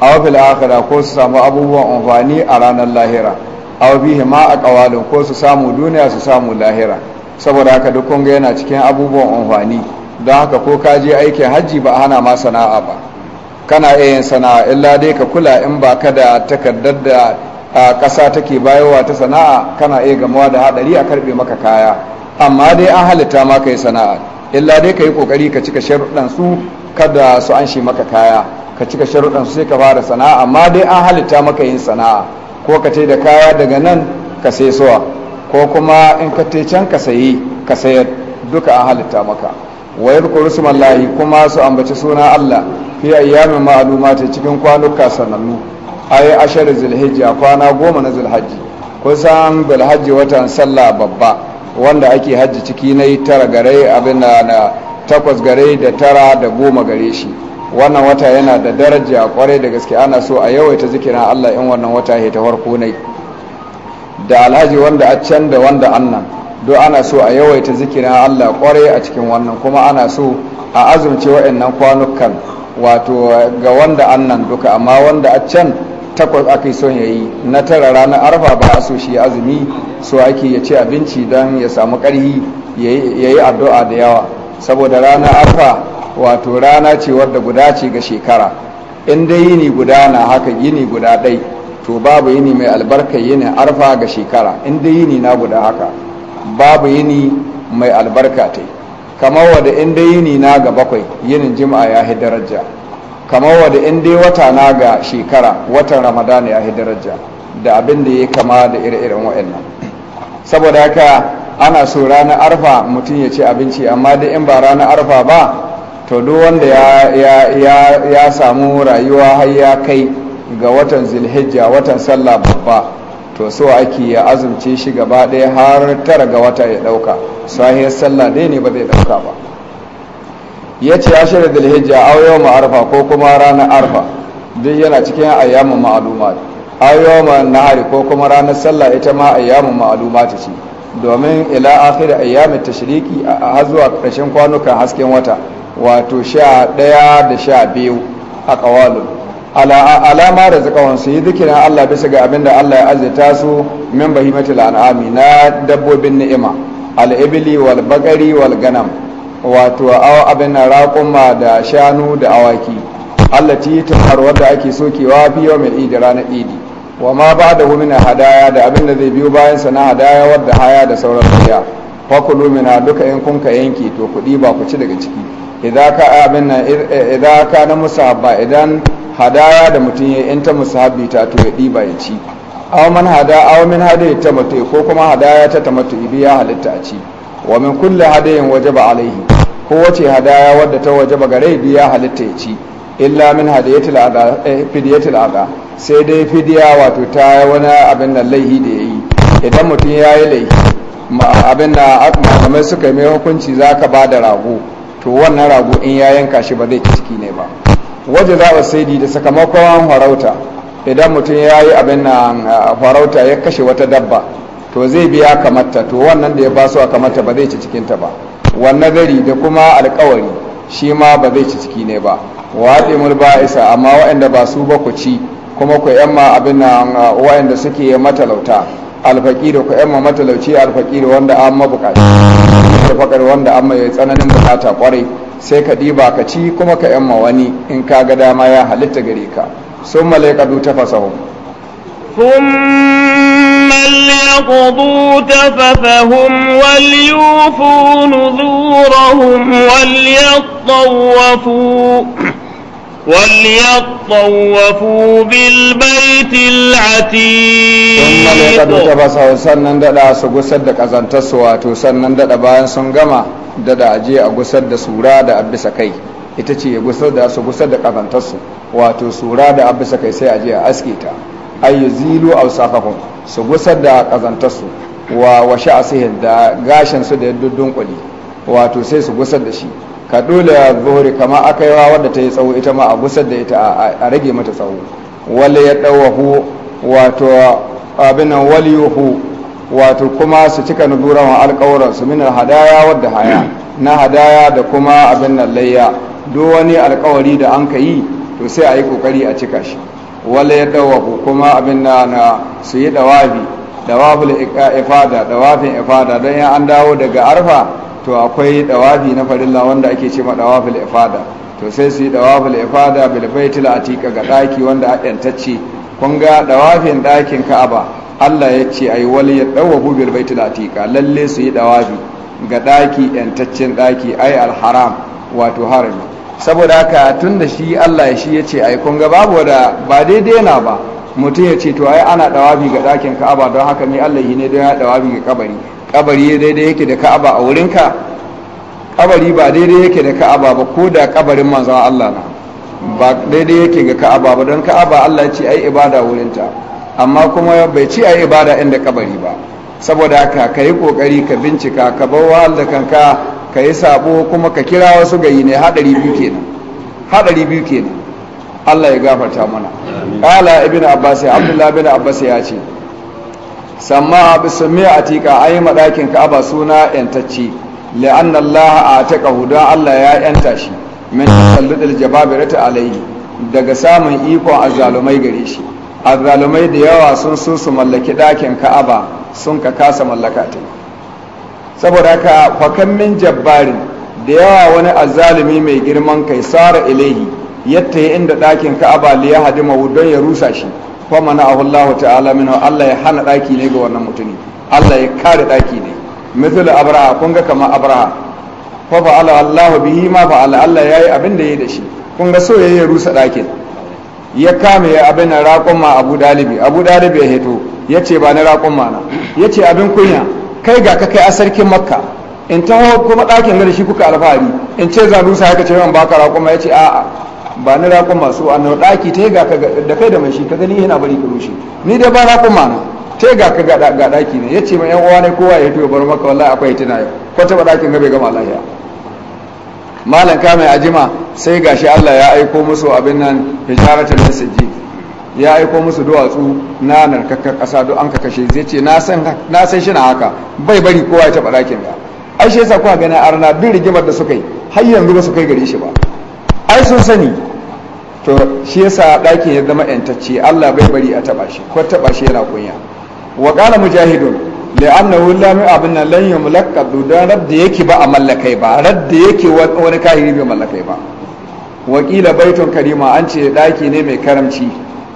a wafi la'akada ko su samu abubuwan amfani a ranar lahira wafi hima a kawalin ko su samu duniya su samu lahira saboda haka duk kun yana cikin abubuwan amfani don haka ko ka je aikin hajji ba hana ma sana'a ba kana iya yin sana'a illa dai ka kula in ba ka da takardar da a ƙasa take bayowa ta sana'a kana iya gamawa da haɗari a karɓe maka kaya amma dai an halitta ma ka yi sana'a illa dai ka yi ƙoƙari ka cika sharuɗan su kada su an shi maka kaya ka cika sharuɗan su sai ka fara sana'a amma dai an halitta maka yin sana'a ko ka tai da kaya daga nan ka sai suwa ko kuma in ka tai can ka sayi ka sayar duka an halitta maka wa yadhkuru mallahi kuma su ambaci suna Allah fi ayyamin ta cikin kwanuka sanannu ashirin ashar a kwana goma na zulhajji kusan zulhajji watan sallah babba wanda ake hajji ciki na yi tara gare abin da na takwas gare da tara da goma gare shi wannan wata yana da daraja kwarai da gaske ana so a yawaita zikirin Allah in wannan wata ya ta farko ne da alhaji wanda a can da wanda annan don ana so a yawaita zikirin Allah kwarai a cikin wannan kuma ana so a azumce wa'annan kwanukan wato ga wanda annan duka amma wanda a can takwas aka son ya yi na tara ranar arfa ba a so shi azumi so ake ya ci abinci don ya samu karhi ya yi addu'a da yawa saboda ranar arfa wato rana ce wadda guda ce ga shekara in dai yini guda na haka yini guda ɗai to babu yini mai albarka yini arfa ga shekara in dai yini na guda haka babu yini mai albarka ta kamar wadda inda yini na ga bakwai yinin jima'a ya hi daraja kamar wadda inda wata na ga shekara watan ramadana ya hi daraja da abin da ya kama da ire-iren wa'annan saboda haka ana so ranar arfa mutum ya ci abinci amma da in ba ranar arfa ba to duk wanda ya samu rayuwa har ya kai ga watan zilhijja watan sallah babba to so ake ya azumce shi gaba ɗaya har tara ga wata ya ɗauka sahiyar sallah dai ne ba zai ɗauka ba ya ce ya shirya dalhijja a yau arfa ko kuma ranar arfa duk yana cikin ayyamin ma'aluma a yau nahari ko kuma ranar sallah ita ma ayyamin ma'aluma ta ce domin ila akhir ayyamin tashriki a zuwa ƙarshen kwanukan hasken wata wato sha ɗaya da sha biyu a ƙawalin alama da zakawon su yi zikirin Allah bisa ga abin da Allah ya azita su min bahimatul al'ami na dabbobin ni'ima al'ibili wal bakari wal ganam wato abin na raƙuma da shanu da awaki Allah ti tumar wadda ake sokewa fi yau mai idi ranar idi wa ma ba da humina hadaya da abin da zai biyo bayan sa na hadaya wadda haya da sauran biya fakulu mina duka in kun ka yanke to kuɗi ba ku ci daga ciki idan ka abin nan idan na musabba idan hadaya da mutum ya yanta musabbi ta to ya diba ya ci aw man hada aw min ta mutu ko kuma hadaya ta ta mutu ya halitta a ci wa min kulli hadayin wajaba alaihi ko wace hadaya wadda ta wajaba gare biya halitta ya ci illa min aga eh fidiyatil aga sai dai fidiya wato ta wani abin nan laihi da yayi idan mutum ya yi laihi abin da malamai suka yi mai hukunci zaka ba da rago to wannan rago in ya yanka shi ba zai ci ciki ne ba waje za a saidi da sakamakon farauta idan mutum ya yi abin na farauta ya kashe wata dabba to zai biya kamata to wannan da ya ba su a kamata ba zai ci cikinta ba wannan gari da kuma alkawari shi ma ba zai ci ciki ne ba waɗe mulba isa amma waɗanda ba su ba ku ci kuma ku yamma abin na waɗanda suke matalauta alfaqiru ku yamma matalauci alfaqiru wanda an da alfaqar wanda an mai tsananin bukata ƙwarai, sai ka ba ka ci kuma ka yamma wani in ka ga dama ya halitta gare ka sun malaikadu ta fasahu ثم ليقضوا تففهم وليوفوا نذورهم وليطوفوا وليطوفوا بالبيت العتيق ثم لقد تبصوا sannan dada su gusar da kazantarsu wato sannan dada bayan sun gama dada aje a gusar da sura da abisa kai ita ce ya gusar da su gusar da kazantarsu wato sura da abisa kai sai aje a aske ta ayyu zilu awsafahum su gusar da kazantarsu wa washa asihin da gashin su da duddun kuli wato sai su gusar da shi ka dole zuhuri kama aka yi wa wadda ta yi tsawo ita ma a gusar da ita a rage mata tsawo wale ya ɗauwahu wato abinan waliyuhu wato kuma su cika wa alƙawuran su minar hadaya wadda haya na hadaya da kuma abin nan layya duk wani alƙawari da an ka yi to sai a yi ƙoƙari a cika shi wale ya ɗauwahu kuma abin na su yi ɗawafi ɗawafin ifada ifada don yan an dawo daga arfa to akwai dawafi na farilla wanda ake ce ma dawafil ifada to sai su yi dawafil ifada bil baitil atiqa ga daki wanda adantacce kun ga dawafin dakin Ka'aba Allah ya ce ayi wal yadawu bil baitil atiqa lalle su yi dawafi ga daki yantaccen daki ay al haram wato harami saboda haka tunda shi Allah shi ya ce ai kun ga babu da ba daidai na ba mutum ya ce to ai ana dawafi ga dakin Ka'aba don haka mai Allah yi ne don ya dawafi ga kabari kabari daidai yake da ka'aba a wurinka kabari ba daidai yake da ka'aba ba ko da kabarin manzon Allah na ba daidai yake ga ka'aba ba don ka'aba Allah ce ai ibada wurinta amma kuma bai ce ai ibada inda kabari ba saboda haka ka yi kokari ka bincika ka bar wahal da kanka ka yi sabo kuma ka kira wasu gayi ne hadari biyu kenan hadari biyu kenan Allah ya gafarta mana qala ibnu abbas abdullah ibnu abbas ya ce samma bi sumiya yi ma ɗakin ka'aba suna yantacce la'anna Allah ƙahu don Allah ya yanta shi min tasalludil jababirati alayhi daga samun ikon azzalumai gare shi azzalumai da yawa sun su su mallaki ɗakin ka'aba sun ka kasa mallaka ta saboda haka fakan min jabbarin da yawa wani azzalumi mai girman kai sara ilaihi yatta inda ɗakin ka'aba liya hadima don ya rusa shi Kuma na Allah ta'ala minhu Allah ya hana daki ne ga wannan mutumi Allah ya kare daki ne misal abraha kun ga kamar abraha fa fa'ala Allah bihi ma fa'ala Allah yayi abin da yayi da shi kun ga so yayi rusa dakin ya kame ya abin na raƙon ma Abu Dalibi Abu Dalibi ya hito ya ce ba na raƙon ma na ya ce abin kunya kai ga ka kai a sarkin Makka in taho kuma ɗakin da shi kuka alfahari in ce za rusa haka ce ban baka raƙon ma ya ce a'a ba ni raƙon masu annan ɗaki ta yi ga da kai da mai ka gani yana bari ka rushe ni da ba raƙon mana ta ga ka ga ɗaki ne ya ce mai yan uwa ne kowa ya fito bar maka wallahi akwai tuna yau ko taɓa ɗakin gabe gama lahiya malam ka mai ajima sai gashi Allah ya aiko musu abin nan hijaratul masjid ya aiko musu duwatsu na narkakkar ƙasa duk an ka kashe zai ce na san shi na haka bai bari kowa ya taɓa ɗakin ba ai shi yasa kuka gani a arna bin rigimar da suka yi har yanzu ba su kai gare shi ba ai sun sani to shi yasa ɗakin ya zama yantacce Allah bai bari a taba shi ko taba shi yana kunya wa qala mujahidun li'annahu lam abna lan yumlaqadu da radda yake ba a mallakai ba radda yake wani kahiri bai mallakai ba wakila baitun karima an ce ɗaki ne mai karamci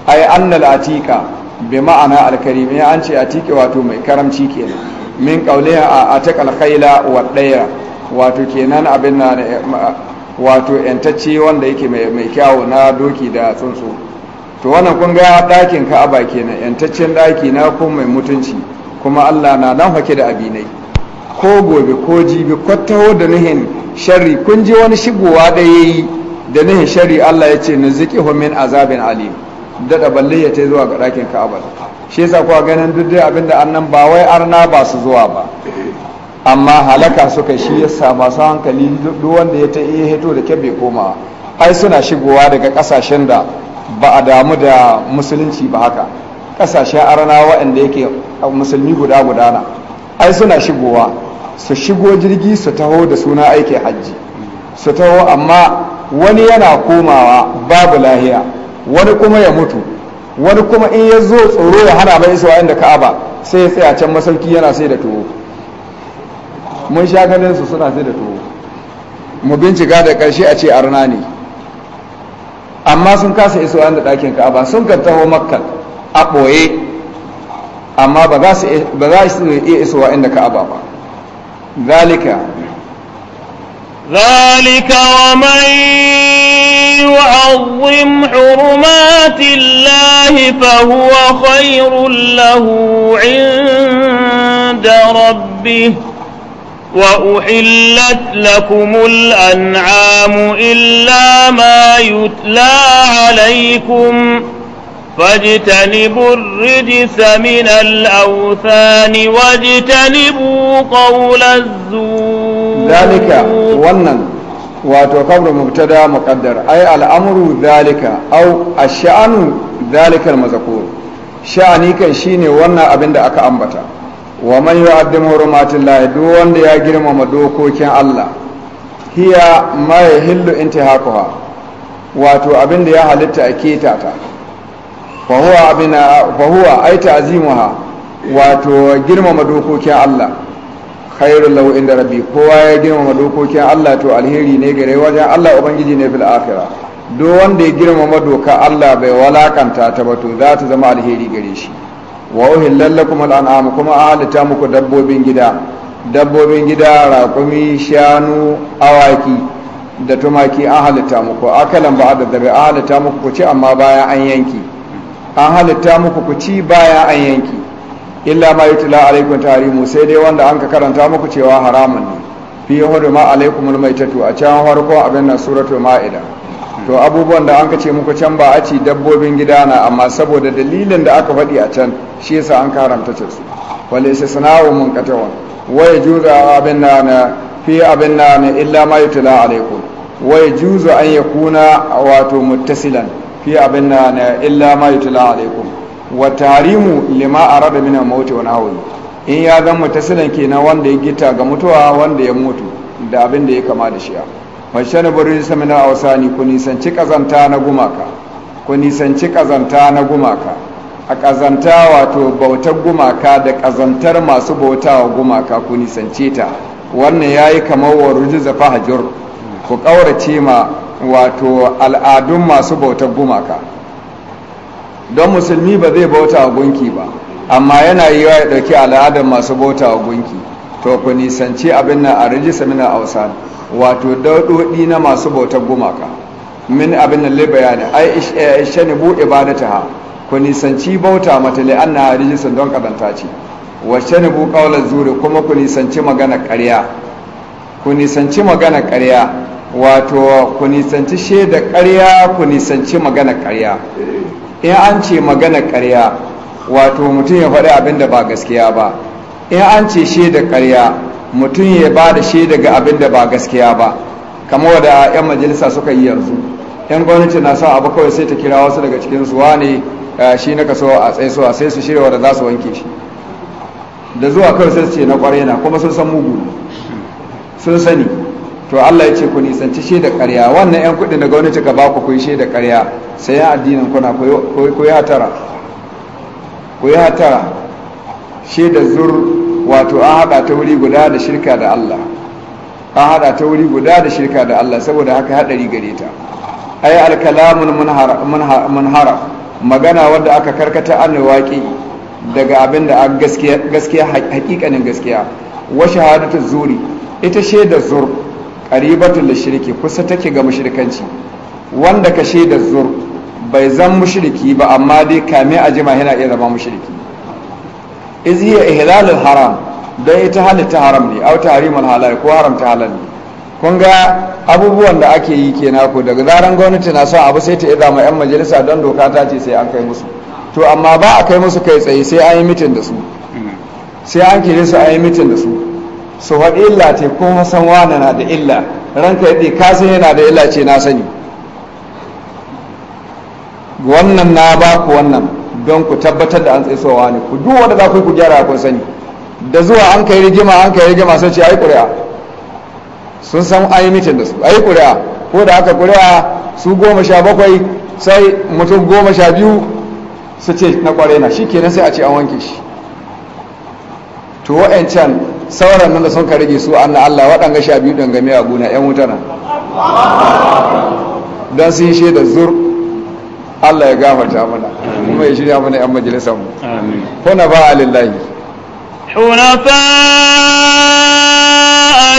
ai annal atika bi ma'ana alkarimi eh, an ce atike wato mai karamci kenan min qawliha a atakal khayla wa dayra wato kenan abin na eh, wato yantacce wanda yake mai kyawu na doki da tsuntsu to wannan kun ga ɗakin ka'aba kenan yantaccen ɗaki na ko mai mutunci kuma allah na nan fake da abinai ko gobe ko jibi ko taho da nihin sharri kun ji wani shigowa da ya da nihin sharri allah ya ce nuziki homin azabin alim daɗa balle ya ta zuwa ga ɗakin ka'aba shi yasa kuwa ganin duk dai abinda annan ba wai arna ba su zuwa ba amma halaka suka shi ya masu hankali duk wanda ya ta iya hito da bai koma ai suna shigowa daga kasashen da ba a damu da musulunci ba haka kasashen arana waɗanda yake musulmi guda gudana ai suna shigowa su shigo jirgi su taho da suna aiki hajji su taho amma wani yana komawa babu lahiya wani kuma ya mutu wani kuma in ya zo tsoro ya hana bai isa inda ka'aba sai ya tsaya can masauki yana sai da tuwo mun sha ganin su suna sai da tuwo mu bincika da ƙarshe a ce arna ne amma sun kasa iso an da ɗakin ka'aba sun kan taho makka a ɓoye amma ba za su iya wa inda ka'aba ba zalika wa ومن يعظم حرمات الله فهو خير له عند ربه وأحلت لكم الأنعام إلا ما يتلى عليكم فاجتنبوا الرجس من الأوثان واجتنبوا قول الزور ذلك ونن wato kabru mubtada muqaddar ai al'amru zalika au ash'anu zalikal mazkur sha'ani kan shine wannan abin da aka ambata wa man yu'addim hurumatillahi duk wanda ya girmama dokokin Allah hiya ma yahillu intihakuha wato abin da ya halitta a keta ta fa huwa abina fa huwa ay ta'zimuha wato girmama dokokin Allah khairu lahu inda rabbi kowa ya girmama dokokin Allah to alheri ne gare wajen Allah ubangiji ne fil akhirah duk wanda ya girmama doka Allah bai walakanta ta ba to za ta zama alheri gare shi wa uhillal lakum al'an'am kuma ahalita muku dabbobin gida dabbobin gida raƙumi shanu awaki da tumaki an halitta muku akalan ba da dabe an halitta muku ku ci amma bayan an yanki an halitta muku ku ci bayan an yanki illa ma yutla alaikum tahrimu sai dai wanda an ka karanta muku cewa haramun ne fi hurma alaikumul maitatu a cikin farko abin nan suratul ma'ida to abubuwan da an ka ce muku can ba a ci dabbobin gida na amma saboda dalilin da aka faɗi a can shi yasa an karanta ce su wale sai sana'o mun katawan waye juzu abin na na fi abin na na illa ma yutula alaikum waye juzu an ya kuna wato muttasilan fi abin na na illa ma yutula alaikum wa tarimu lima arada min mauti wa nahwi in ya zan muttasilan kenan wanda ya gita ga mutuwa wanda ya mutu da abin da ya kama da shi mashana burin samina ausani ku nisanci kazanta na gumaka ku nisanci kazanta na gumaka a kazanta wato bautar gumaka da kazantar masu bautawa gumaka ku nisanci ta wannan yayi kamar wa rujuza fahajur ku kaurace ma wato al'adun masu bautar gumaka don musulmi ba zai bauta wa gunki ba amma yana yi wa ya dauki al'adun masu bauta wa gunki to ku nisanci abin nan a rijisa mina ausani wato daudodi na masu bautar gumaka min abin lalle bayani ai ba bu taha. ku nisanci bauta mata li'anna rijisun don kadanta ce wa shani bu qawlan zuri kuma ku nisanci magana ƙarya ku nisanci magana ƙarya wato ku nisanci shaida ƙarya ku nisanci magana ƙarya in an ce magana ƙarya wato mutum ya faɗi abin da ba gaskiya ba in an ce shaida ƙarya mutum ya ba da shi daga abin da ba gaskiya ba kamar da 'yan majalisa suka yi yanzu 'yan gwamnati na sa abu kawai sai ta kira wasu daga cikin suwa ne eh, shi na kaso a tsaisuwa sai su shirya wanda za su wanke shi da zuwa kawai sai su ce na kwarai na kuma sun san mugu sun sani to Allah ya ce ku nisanci shi da karya wannan 'yan kudin da gwamnati ka ba ku ku shi da karya sai yan addinin kuna ku yi hatara ku yi hatara shi da zur wato an haɗa ta wuri guda da shirka da Allah an haɗa ta wuri guda da shirka da Allah saboda haka haɗari gare ta ai alkalamun munhara magana wadda aka karkata an waƙi daga abin da gaskiya hakikanin gaskiya wa shahadatu zuri ita shaida zur qaribatul lishirki kusa take ga mushrikanci wanda ka shaida zur bai zan mushriki ba amma dai kame a jima yana iya zama mushriki iz hiya ihlalul haram dan ita halitta haram ne au tahrimul halal ko haramta halal ne kun ga abubuwan da ake yi kenan ko daga zaran gwamnati na son abu sai ta iza ma yan majalisa don doka ta ce sai an kai musu to amma ba a kai musu kai tsaye sai an yi mitin da su sai an kire su an yi mitin da su su wa illa ce ko san wani na da illa ranka yadda ka san yana da illa ce na sani wannan na ba ku wannan don ku tabbatar da an tsaisowa ne ku duk wanda za ku yi ku gyara kun sani da zuwa an kai rigima an kai rigima sai ce ai ƙuri'a sun san an yi mitin da su ai ƙuri'a ko da aka ƙuri'a su goma sha bakwai sai mutum goma sha biyu su ce na kware na shi kenan sai a ce an wanke shi to wa'ancan sauran nan da sun karige rage su an Allah waɗanga sha biyu dangane a gona 'yan wuta don sun yi shaidar zur Allah ya gafarta mana kuma ya shirya mana yan majalisar mu amin huna ba lillahi hunafa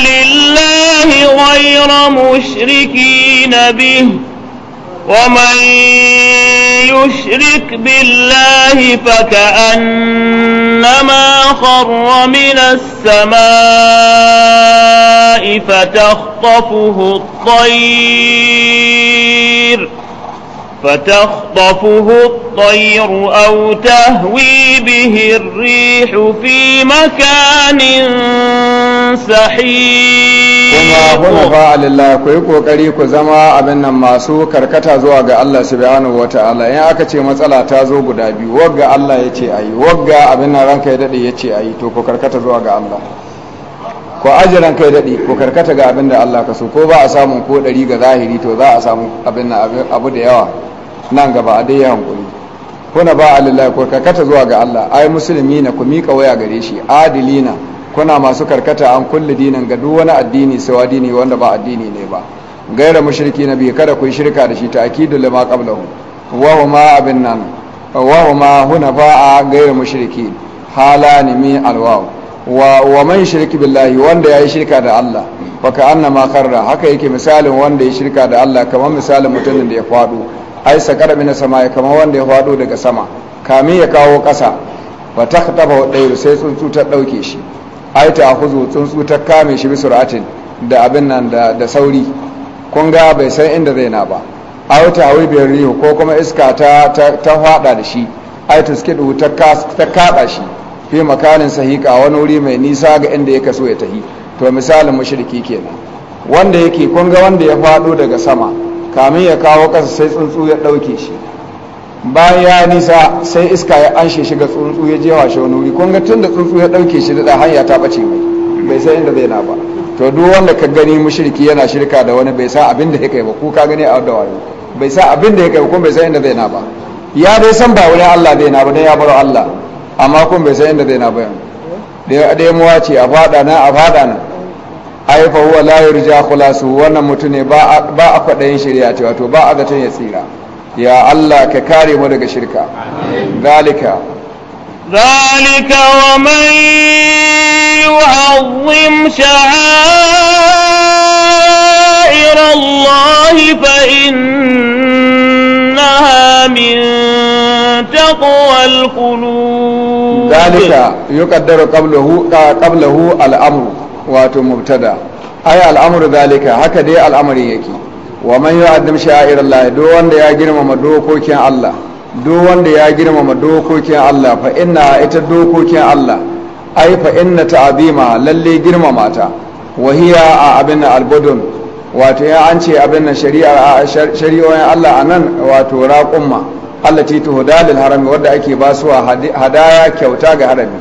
lillahi ghayra mushrikin bihi ومن يشرك بالله فكأنما خر من السماء فتخطفه الطير فتخطفه الطير أو تهوي به الريح في مكان sahihu kuma hunafa lillah ku yi kokari ku zama abin nan masu karkata zuwa ga Allah subhanahu wataala in aka ce matsala ta zo guda biyu wagga Allah yace ayi wagga abin nan ranka ya dade yace ayi to ku karkata zuwa ga Allah ku ajiran kai daɗi ku karkata ga abin da Allah ka so ko ba a samun ko ɗari ga zahiri to za a samu abin abu da yawa nan gaba a dai hankuli kuna ba alillahi ku karkata zuwa ga Allah ai musulmi na ku miƙa waya gare shi adilina kuna masu karkata an kulli dinin ga duk wani addini sai dini wanda ba addini ne ba gaira mushriki nabi kada ku shirka da shi ta akidu lima qablahu wa huma abin nan wa huma hunafa gaira mushriki halani mi alwaw wa man shirki billahi wanda yayi shirka da Allah baka ka annama karra haka yake misalin wanda ya shirka da Allah kamar misalin mutumin da ya fado ai sakar mina sama ya kamar wanda ya fado daga sama kamin ya kawo ƙasa ba ta taba wadairu sai tsuntsu ta ɗauke shi ai ta huzu tsuntsu ta kame shi suratin da abin nan da sauri kun ga bai san inda zai na ba ai ta hawi biyar riho ko kuma iska ta ta da shi ai ta skidu ta kada shi fi makanin sahika wani wuri mai nisa ga inda ya kaso ya tahi to misalin mushriki kenan wanda yake kun ga wanda ya fado daga sama kamin ya kawo kasa sai tsuntsu ya dauke shi bayan ya nisa sai iska ya anshe shi ga tsuntsu ya jewa shi wani wuri kun ga tun da tsuntsu ya dauke shi da hanya ta bace mai bai san inda zai na ba to duk wanda ka gani mushriki yana shirka da wani bai sa abin da ya kai ba ko ka gani a wadda wani bai sa abin da ya kai ba kuma bai san inda zai na ba ya dai san ba wani Allah zai na ba don ya bar Allah amma kun bai san inda zai na bayan da ya muwa ce a fada na a fada na ai fa huwa la yurja khulasu wannan mutum ne ba a kwadayin shari'a ce wato ba a zaton ya tsira ya Allah ka kare mu daga shirka zalika ذلك ومن يعظم شعائر الله فإنها من al القلوب zalika yuqaddaru qablahu qablahu al'amru wato mubtada ai al'amru zalika haka dai al'amari yake wa man yu'addim Allah do wanda ya girmama dokokin Allah do wanda ya girmama dokokin Allah fa inna ita dokokin Allah ai fa inna ta'zima lalle girmama ta wahiya a abin albudun wato ya an ce abin shari'a shari'o'in Allah anan wato raqumma allati tuhda lil harami wadda ake basuwa hadaya kyauta ga harami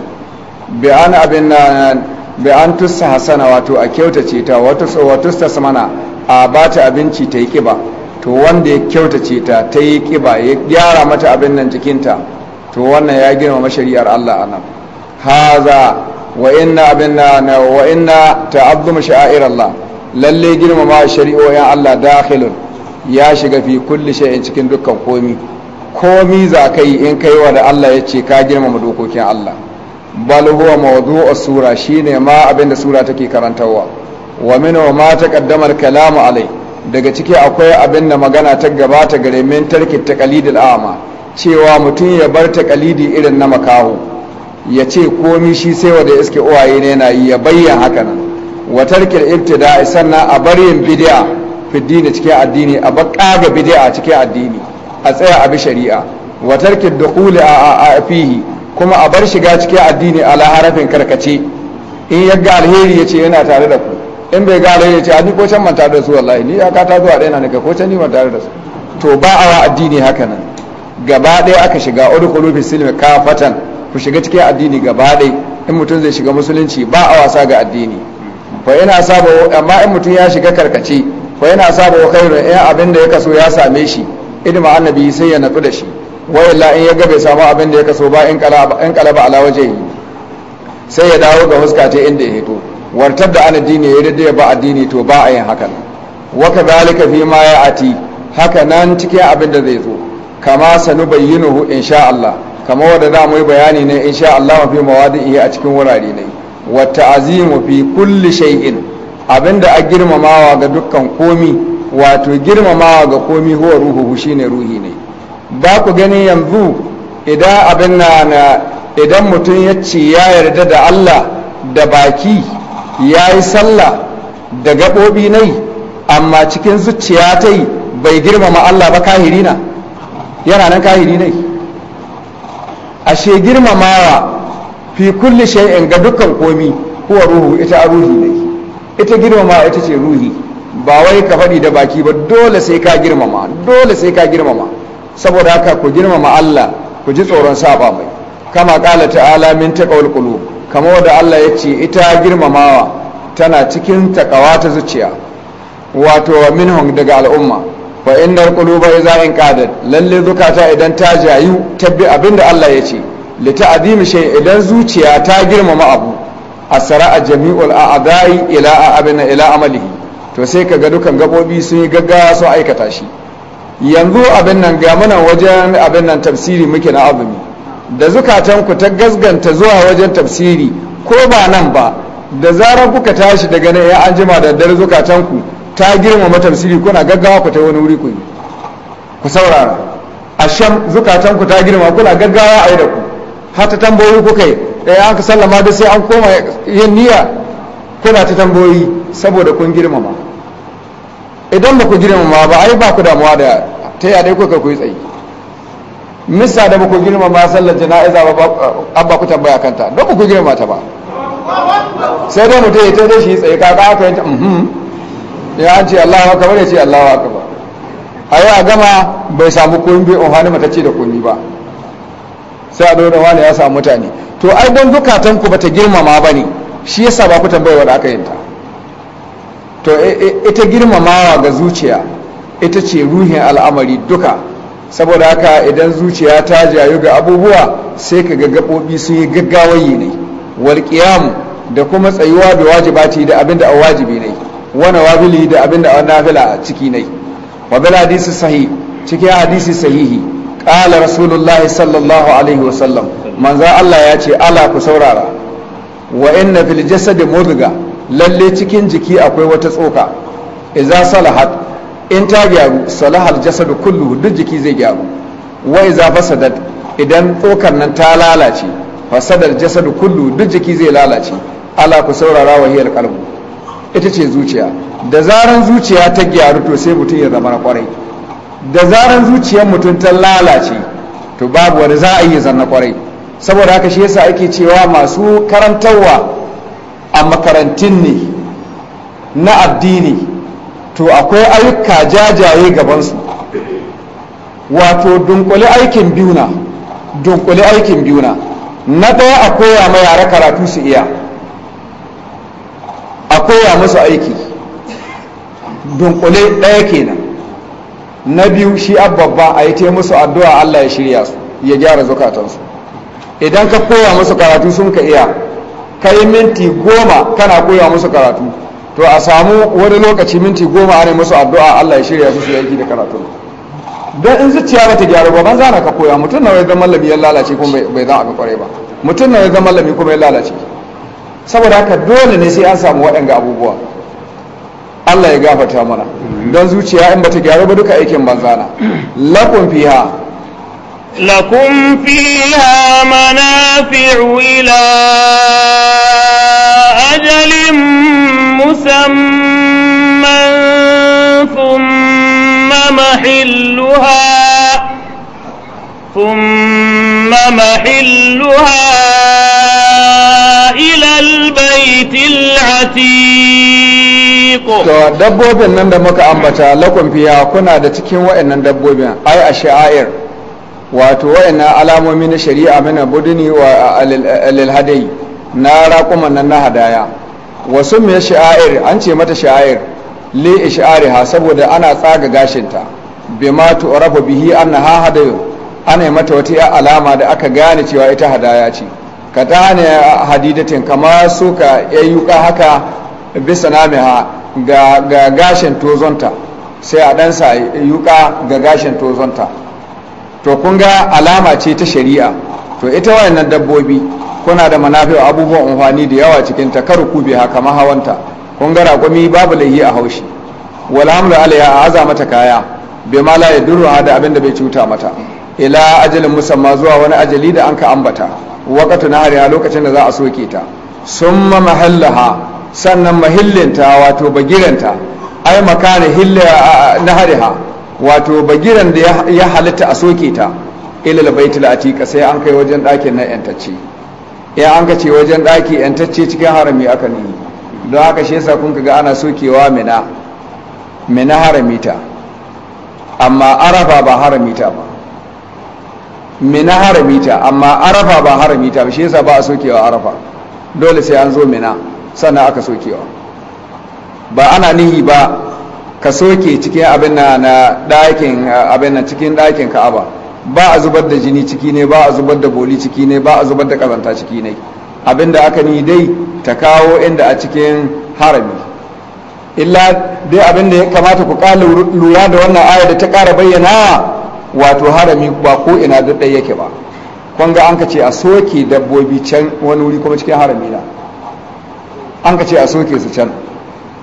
bi an abin na bi an tussa hasana wato a kyautace ta wato wato tasmana a bata abinci ta yi kiba to wanda ya kyautace ta ta yi kiba ya gyara mata abin nan jikinta to wannan ya girmama shari'ar Allah anan haza wa inna abin na wa inna ta'azzum sha'air Allah lalle girmama shari'o'in Allah dakhilun ya shiga fi kulli shay'in cikin dukkan komi komi za ka yi in kai wa da Allah ya ce ka girmama dokokin Allah bal huwa mawdu'u sura shine ma abinda sura take karantawa wa minhu ma ta kaddamar kalamu alai daga ciki akwai abin abinda magana ta gabata gare min tarki taqalidil a'ma cewa mutum ya bar taqalidi irin na makaho ya ce komi shi sai wanda iske uwaye ne yana yi ya bayyana haka nan wa tarkil ibtida'i sannan a bar yin bid'a fi cikin addini a bakka ga bid'a cikin addini a tsaya a bi shari'a wa da kuli a fihi kuma a bar shiga cikin addini ala harafin karkace in ya ga alheri ya ce yana tare da ku in bai ga alheri ya ce ni ko can man tare da su wallahi ni ya ka ta zuwa ɗaya na nika ko can ni man tare da su to ba a wa addini haka nan gaba ɗaya aka shiga udkhulu fi silmi kafatan ku shiga cikin addini gaba ɗaya in mutum zai shiga musulunci ba a wasa ga addini fa yana saba amma in mutum ya shiga karkace fa yana saba wa khairu in abin da ya kaso ya same shi idma annabi sai ya natsu da shi wayalla in ya ga bai samu abin da ya kaso ba in kalaba ala waje sai ya dawo ga huska ta inda ya hito wartar da dini ya yi da ba addini to ba a yin hakan wa kadhalika fi ma ya'ati haka nan cikin abin da zai zo kama sanubayyinuhu insha Allah kama wanda za mu yi bayani ne insha Allah fi mawadi'i a cikin wurare ne wa ta'zimu fi kulli shay'in abinda a girmamawa ga dukkan komi wato girmamawa ga komi huwa ruhu shi ne ruhi ne ba ku gani yanzu idan abin na idan mutum ya ce ya yarda da Allah da baki ya yi sallah da gaɓoɓi nai amma cikin zuciya ta yi bai girmama Allah ba kahiri na yana nan kahiri nai ashe girmamawa fi kulli shay'in ga dukkan komi huwa ruhu ita ruhi ne ita girmamawa ita ce ruhi ba wai ka faɗi da baki ba dole sai ka girmama dole sai ka girmama saboda haka ku girmama Allah ku ji tsoron saba mai kama kala ta'ala min taqawul qulub kama wanda Allah ya ce ita girmamawa tana cikin takawa ta zuciya wato minhum daga al'umma fa innal quluba idza inqadat lalle zukata idan ta jayu tabbi abinda Allah ya ce li ta'zimi shay idan zuciya ta girmama abu asara jami'ul a'dai ila abina ila amalihi to sai ka ga dukan gabobi sun yi gaggawa sun aikata shi yanzu abin nan ga muna wajen abin nan tafsiri muke na azumi da zukatanku ta gasganta zuwa wajen tafsiri ko ba nan ba da zarar kuka tashi daga nan ya an jima da dare zukatanku ta girmama tafsiri kuna gaggawa ku ta wani wuri ku yi ku saurara zukatan zukatanku ta girma kuna gaggawa a yi da ku har ta tambayoyi kuka yi ɗaya eh, an ka sallama da sai an koma yin niyya kuna ta tambayoyi saboda kun girmama idan ba ku girmama ba ai ba ku damuwa da ta yi dai kuka ku yi tsayi misa da ba ku girmama sallar jana'iza ba an ba ku tambaya kanta don ba ku girmama ta ba sai dai mutum ya taidai shi tsaye kaka aka yi ta mhm. ya an ce allahu akabar ya ce allahu ba. a yau a gama bai samu komi bai ohani mata ce da komi ba sai a dora wani ya samu mutane to ai don zukatan ku ta girmama ba ne shi yasa ba ku tambayar da aka yi ta to e, e, ita girmamawa ga zuciya ita ce ruhin al'amari duka saboda haka idan zuciya ta jayu ga abubuwa sai ka ga sun yi gaggawayi ne walƙiyamu da kuma tsayuwa da wajibati da abinda a wajibi ne wani wabili da abinda a nafila a ciki ne wabila hadisi sahi ciki hadisi sahihi ƙala rasulullahi sallallahu alaihi wasallam manza allah ya ce ala ku saurara wa inna fil jasadi mudga lalle cikin jiki akwai wata tsoka iza salahat in ta gyaru salahal jasadu kullu duk jiki zai gyaru wa iza fasadat idan tsokar nan ta lalace fasadar jasadu kullu duk jiki zai lalace ala ku saurara wa hiyar kalbu ita ce zuciya da zaran zuciya ta gyaru to sai mutum ya zama na kwarai da zaran zuciyar mutum ta lalace to babu wani za a yi zanna kwarai saboda haka shi yasa ake cewa masu karantarwa a makarantun ne na addini to akwai ayyuka jajaye gabansu wato dunkule aikin biyu na dunkule aikin biyu na na ɗaya a koya ma yara karatu su iya a koya musu aiki dunkule ɗaya kenan na biyu shi babba a yi musu addu'a allah ya shirya su ya gyara zukatansu idan ka koya musu karatu sun ka iya ka yi minti goma kana koya musu karatu to a samu wani lokaci minti goma ana musu addu'a Allah ya shirya su aiki da karatu don in zuciya ba ta gyaru ba banza na ka koya mutum na zama malami ya lalace kuma bai zan aka kware ba mutum na zama malami kuma ya lalace saboda haka dole ne sai an samu waɗanga abubuwa Allah ya gafarta mana don zuciya in bata gyaru ba duka aikin banzana lakun fiha لكم فيها منافع إلى أجل مسمى ثم محلها ثم محلها إلى البيت العتيق to dabbobin nan da muka ambata lakum fiya kuna da cikin wa'annan dabbobin ai a sha'air wato na alamomi na shari'a mana budini wa alilhadai na raƙuman nan na hadaya wasu mai sha'air an ce mata sha'air li ha saboda ana tsaga gashinta bima tu'rafu bihi ha hadayu ana yi mata wata alama da aka gane cewa ita hadaya ce ka ta hane hadidatin kama suka yayyuka haka bisa namiha ga gashin tozonta sai a ɗansa yuka ga gashin tozonta to kun ga alama ce ta shari'a to ita wayannan dabbobi kuna da a abubuwan amfani da yawa cikin ta kar ku biha kamar hawanta kun ga raƙumi babu lahi a haushi wala amru alaiha a aza mata kaya bi ma la yadurruha da abin da bai cuta mata ila ajalin musamma zuwa wani ajali da an ka ambata waqatu nahari a lokacin da za a soke ta summa mahallaha sannan mahillinta wato bagiranta ai makana hillaha na hariha wato bagiran da ya halitta a soke ta ilal baitul atiqa sai an kai wajen ɗakin na yantacce ya an ka ce wajen ɗaki yantacce cikin harami aka nuni don haka shi yasa kun ga ana sokewa mina mina harami ta amma arafa ba harami ta ba mina harami ta amma arafa ba harami ta ba shi yasa ba a sokewa arafa dole sai an zo mina sannan aka sokewa ba ana nihi ba ka soke cikin abin na ɗakin abin na cikin ɗakin ka'aba ba a zubar da jini ciki ne ba a zubar da boli ciki ne ba a zubar da kazanta ciki ne abin da aka ni dai ta kawo inda a cikin harami illa dai abin da ya kamata ku ƙara lura da wannan aya da ta ƙara bayyana wato harami ba ko ina duk ɗaya yake ba kun ga an ka ce a soke dabbobi can wani wuri kuma cikin harami na an ka ce a soke su can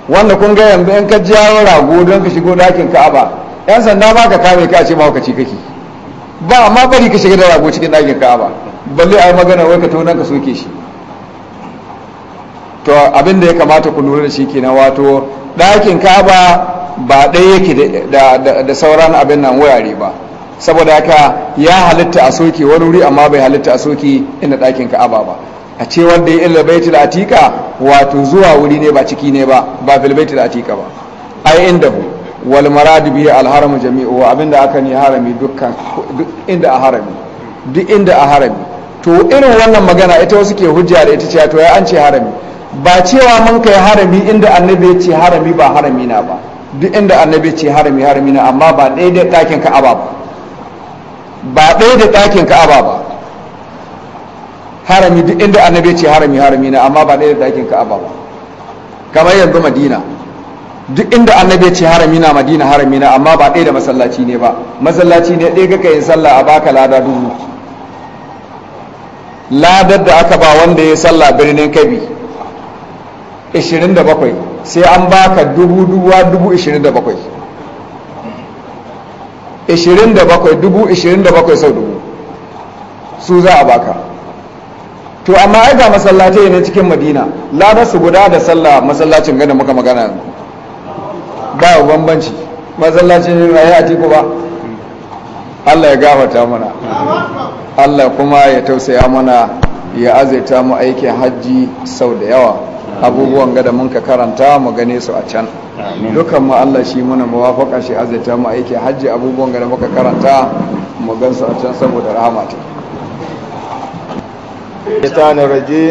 wanda kun ga yanzu in ka jawo rago don ka shigo ɗakin ka'aba yan sanda ba ka kame ka ce ci kake ba amma bari ka shiga da rago cikin ɗakin ka'aba balle a yi magana wai ka tona ka soke shi to abin da ya kamata ku lura da shi kenan wato ɗakin ka'aba ba ɗaya yake da sauran abin nan wurare ba saboda haka ya halitta a soke wani wuri amma bai halitta a soke inda ɗakin ka'aba ba a ce wanda ya illa da atika wato zuwa wuri ne ba ciki ne ba ba fil da atika ba ai inda hu wal marad bihi al haram jami'u wa abinda aka ni harami dukkan duk inda a harami duk inda a harami to irin wannan magana ita wasu ke hujja da ita cewa to ya an ce harami ba cewa mun kai harami inda annabi ya ce harami ba harami na ba duk inda annabi ce harami harami na amma ba ɗaya da ɗakin ka'aba ba ba ɗaya da ɗakin ka'aba ba harami duk inda annabi ce harami harami na amma ba ɗaya da dakin ka'aba ba kamar yanzu madina duk inda annabi ce harami na madina harami na amma ba ɗaya da masallaci ne ba masallaci ne ɗaya ga yin sallah a baka lada dubu ladar da aka ba wanda ya sallah birnin kabi 27 sai an baka dubu duwa dubu 27 27 dubu 27 sau dubu su za a baka to amma ai ga masallatai ne cikin madina lada su guda da sallah masallacin gani muka magana ba bambanci masallacin raye a tiku ba allah ya gafata mana allah kuma ya tausaya mana ya azaita mu aikin hajji sau da yawa abubuwan gada mun ka karanta mu gane su a can dukan mu Allah shi muna muwafaka shi azaita mu aikin hajji abubuwan gada muka karanta mu gan su a can saboda rahama ta shaitanin raje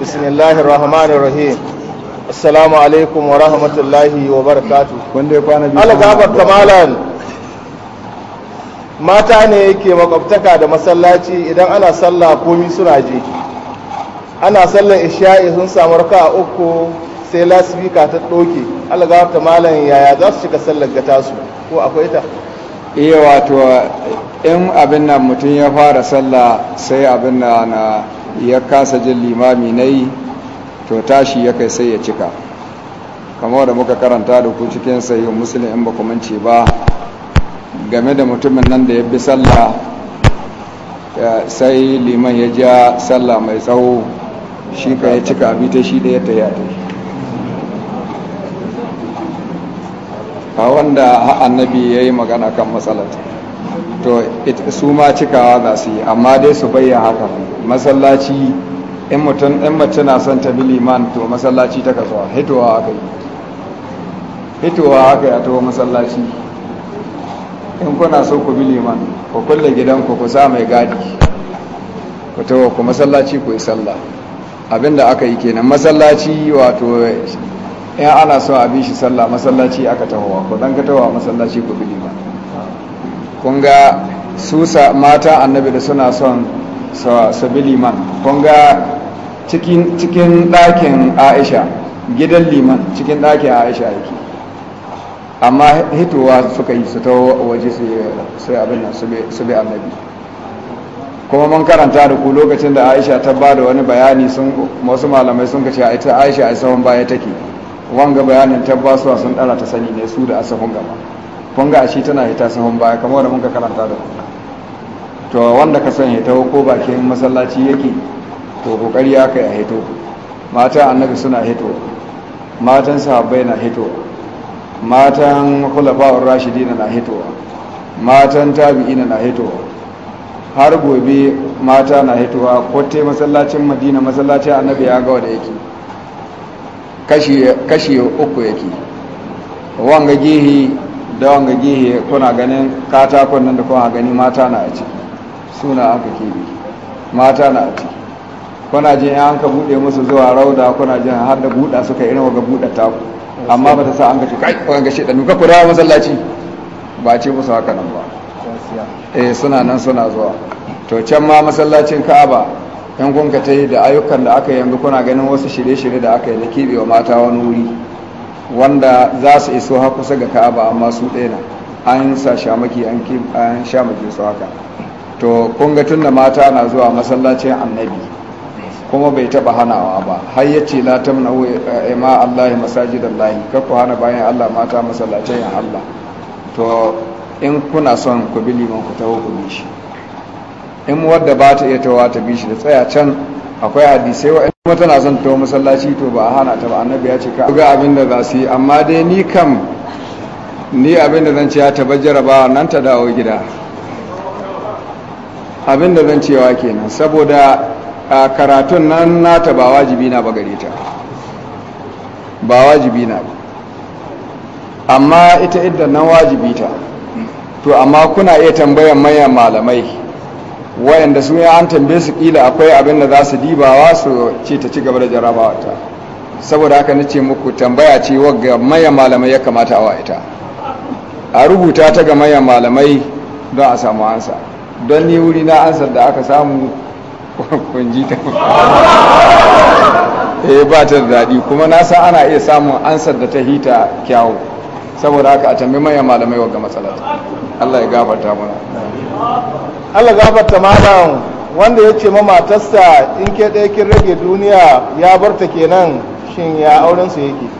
bismillahir rahmanir rahim assalamu alaikum wa rahmatullahi wa barakatu wanda ya kwana biyu kamalan mata ne yake makwabtaka da masallaci idan ana sallah komi suna je ana sallar isha'i sun samu raka a uku sai last week ta ɗoke alagabar kamalan yaya za su cika sallar ga tasu ko akwai ta iya eh, wato in abin nan mutum ya fara sallah sai abin na na ya kasa jin limami na yi to tashi ya kai sai ya cika kamar da muka karanta da ku cikin sayin musulun in ba kumance ba game da mutumin nan da ya bi sallah sai liman ya ja sallah mai tsawo shi ka ya cika abita shi da ya ta yi wanda annabi ya yi magana kan matsalar to su ma cikawa za su yi amma dai su bayya haka masallaci in mutum in mutum na son ta bi liman to masallaci ta kasuwa hitowa haka yi hitowa haka ya a to masallaci in kuna so ku bi liman ku kulle gidanku ku sa mai gadi ku tawo ku masallaci ku yi sallah abinda aka yi kenan masallaci wato in ana so a bishi shi sallah masallaci aka tahowa ko dan ka tahowa masallaci ku bi liman kun ga su mata annabi da suna son su bi liman kun ga cikin ɗakin aisha gidan liman cikin ɗakin aisha yake amma hitowa suka yi su ta waje su abin nan su bi annabi kuma mun karanta da ku lokacin da aisha ta ba da wani bayani sun wasu malamai sun kace ita aisha a saman baya take wanga bayanin tabbasuwa sun ɗara ta sani ne su da asahun gaba kun ga shi tana hita sahun baya kamar da muka karanta da to wanda ka son hita ko bakin masallaci yake to kokari kai a hito mata annabi suna hito matan sahabbai na hito matan khulafa'ur rashidina na hito matan tabi'ina na hito har gobe mata na hitowa ko te masallacin madina masallacin annabi ya ga wanda yake kashi uku yake wanga gihi da wanga gihi kuna ganin katakon nan da kuna gani mata na a ciki suna aka kebe mata na a ciki kuna jin an ka bude musu zuwa rauda kuna jin har da buɗa suka irin waga buɗa taku amma ba ta sa an ka kai wanga shi ɗanu ka kudawa masallaci ba ce musu haka nan ba eh suna nan suna zuwa to can ma masallacin ka'aba in kun ta yi da ayyukan da aka yanzu kuna ganin wasu shirye-shirye da aka yi da kibe wa mata wani wuri wanda za su iso ha kusa ga ka'aba amma su ɗaya na an sa shamaki an shamaki su haka to kun ga tun da mata na zuwa masallacin annabi kuma bai taba hanawa ba har ya ce la tamna ima eh, allahi da layi kakku hana bayan allah mata masallacin allah to in kuna son ku bi liman ku taho ku bi shi in wadda ba ta iya tawa ta bi shi da tsaya can akwai hadisai wa kuma tana son tawa masallaci to ba a hana ta ba annabi ya ce ka ga abin da za su yi amma dai ni kam ni abin da zan ce ya taba ba nan ta dawo gida abin da zan cewa kenan saboda karatun nan nata ba wajibi na ba gare ta ba wajibi na ba amma ita idan nan wajibi ta to amma kuna iya tambayan manyan malamai wayanda su an tambaye su kila akwai abin da za su dibawa su ce ta ci gaba da jarabawa ta saboda haka na ce muku tambaya ce ga mayan malamai ya kamata a ita a rubuta ta ga mayan malamai don a samu ansa don ni wuri na ansar da aka samu kunji ta eh ba ta daɗi kuma na san ana iya samun ansar da ta hita kyawu saboda haka a tambayi manyan malamai wagga matsala Allah ya gafarta mana Allah gafarta malam wanda ya ce ma matarsa in ke ɗaya kin rage duniya ya barta kenan shin ya auren su yake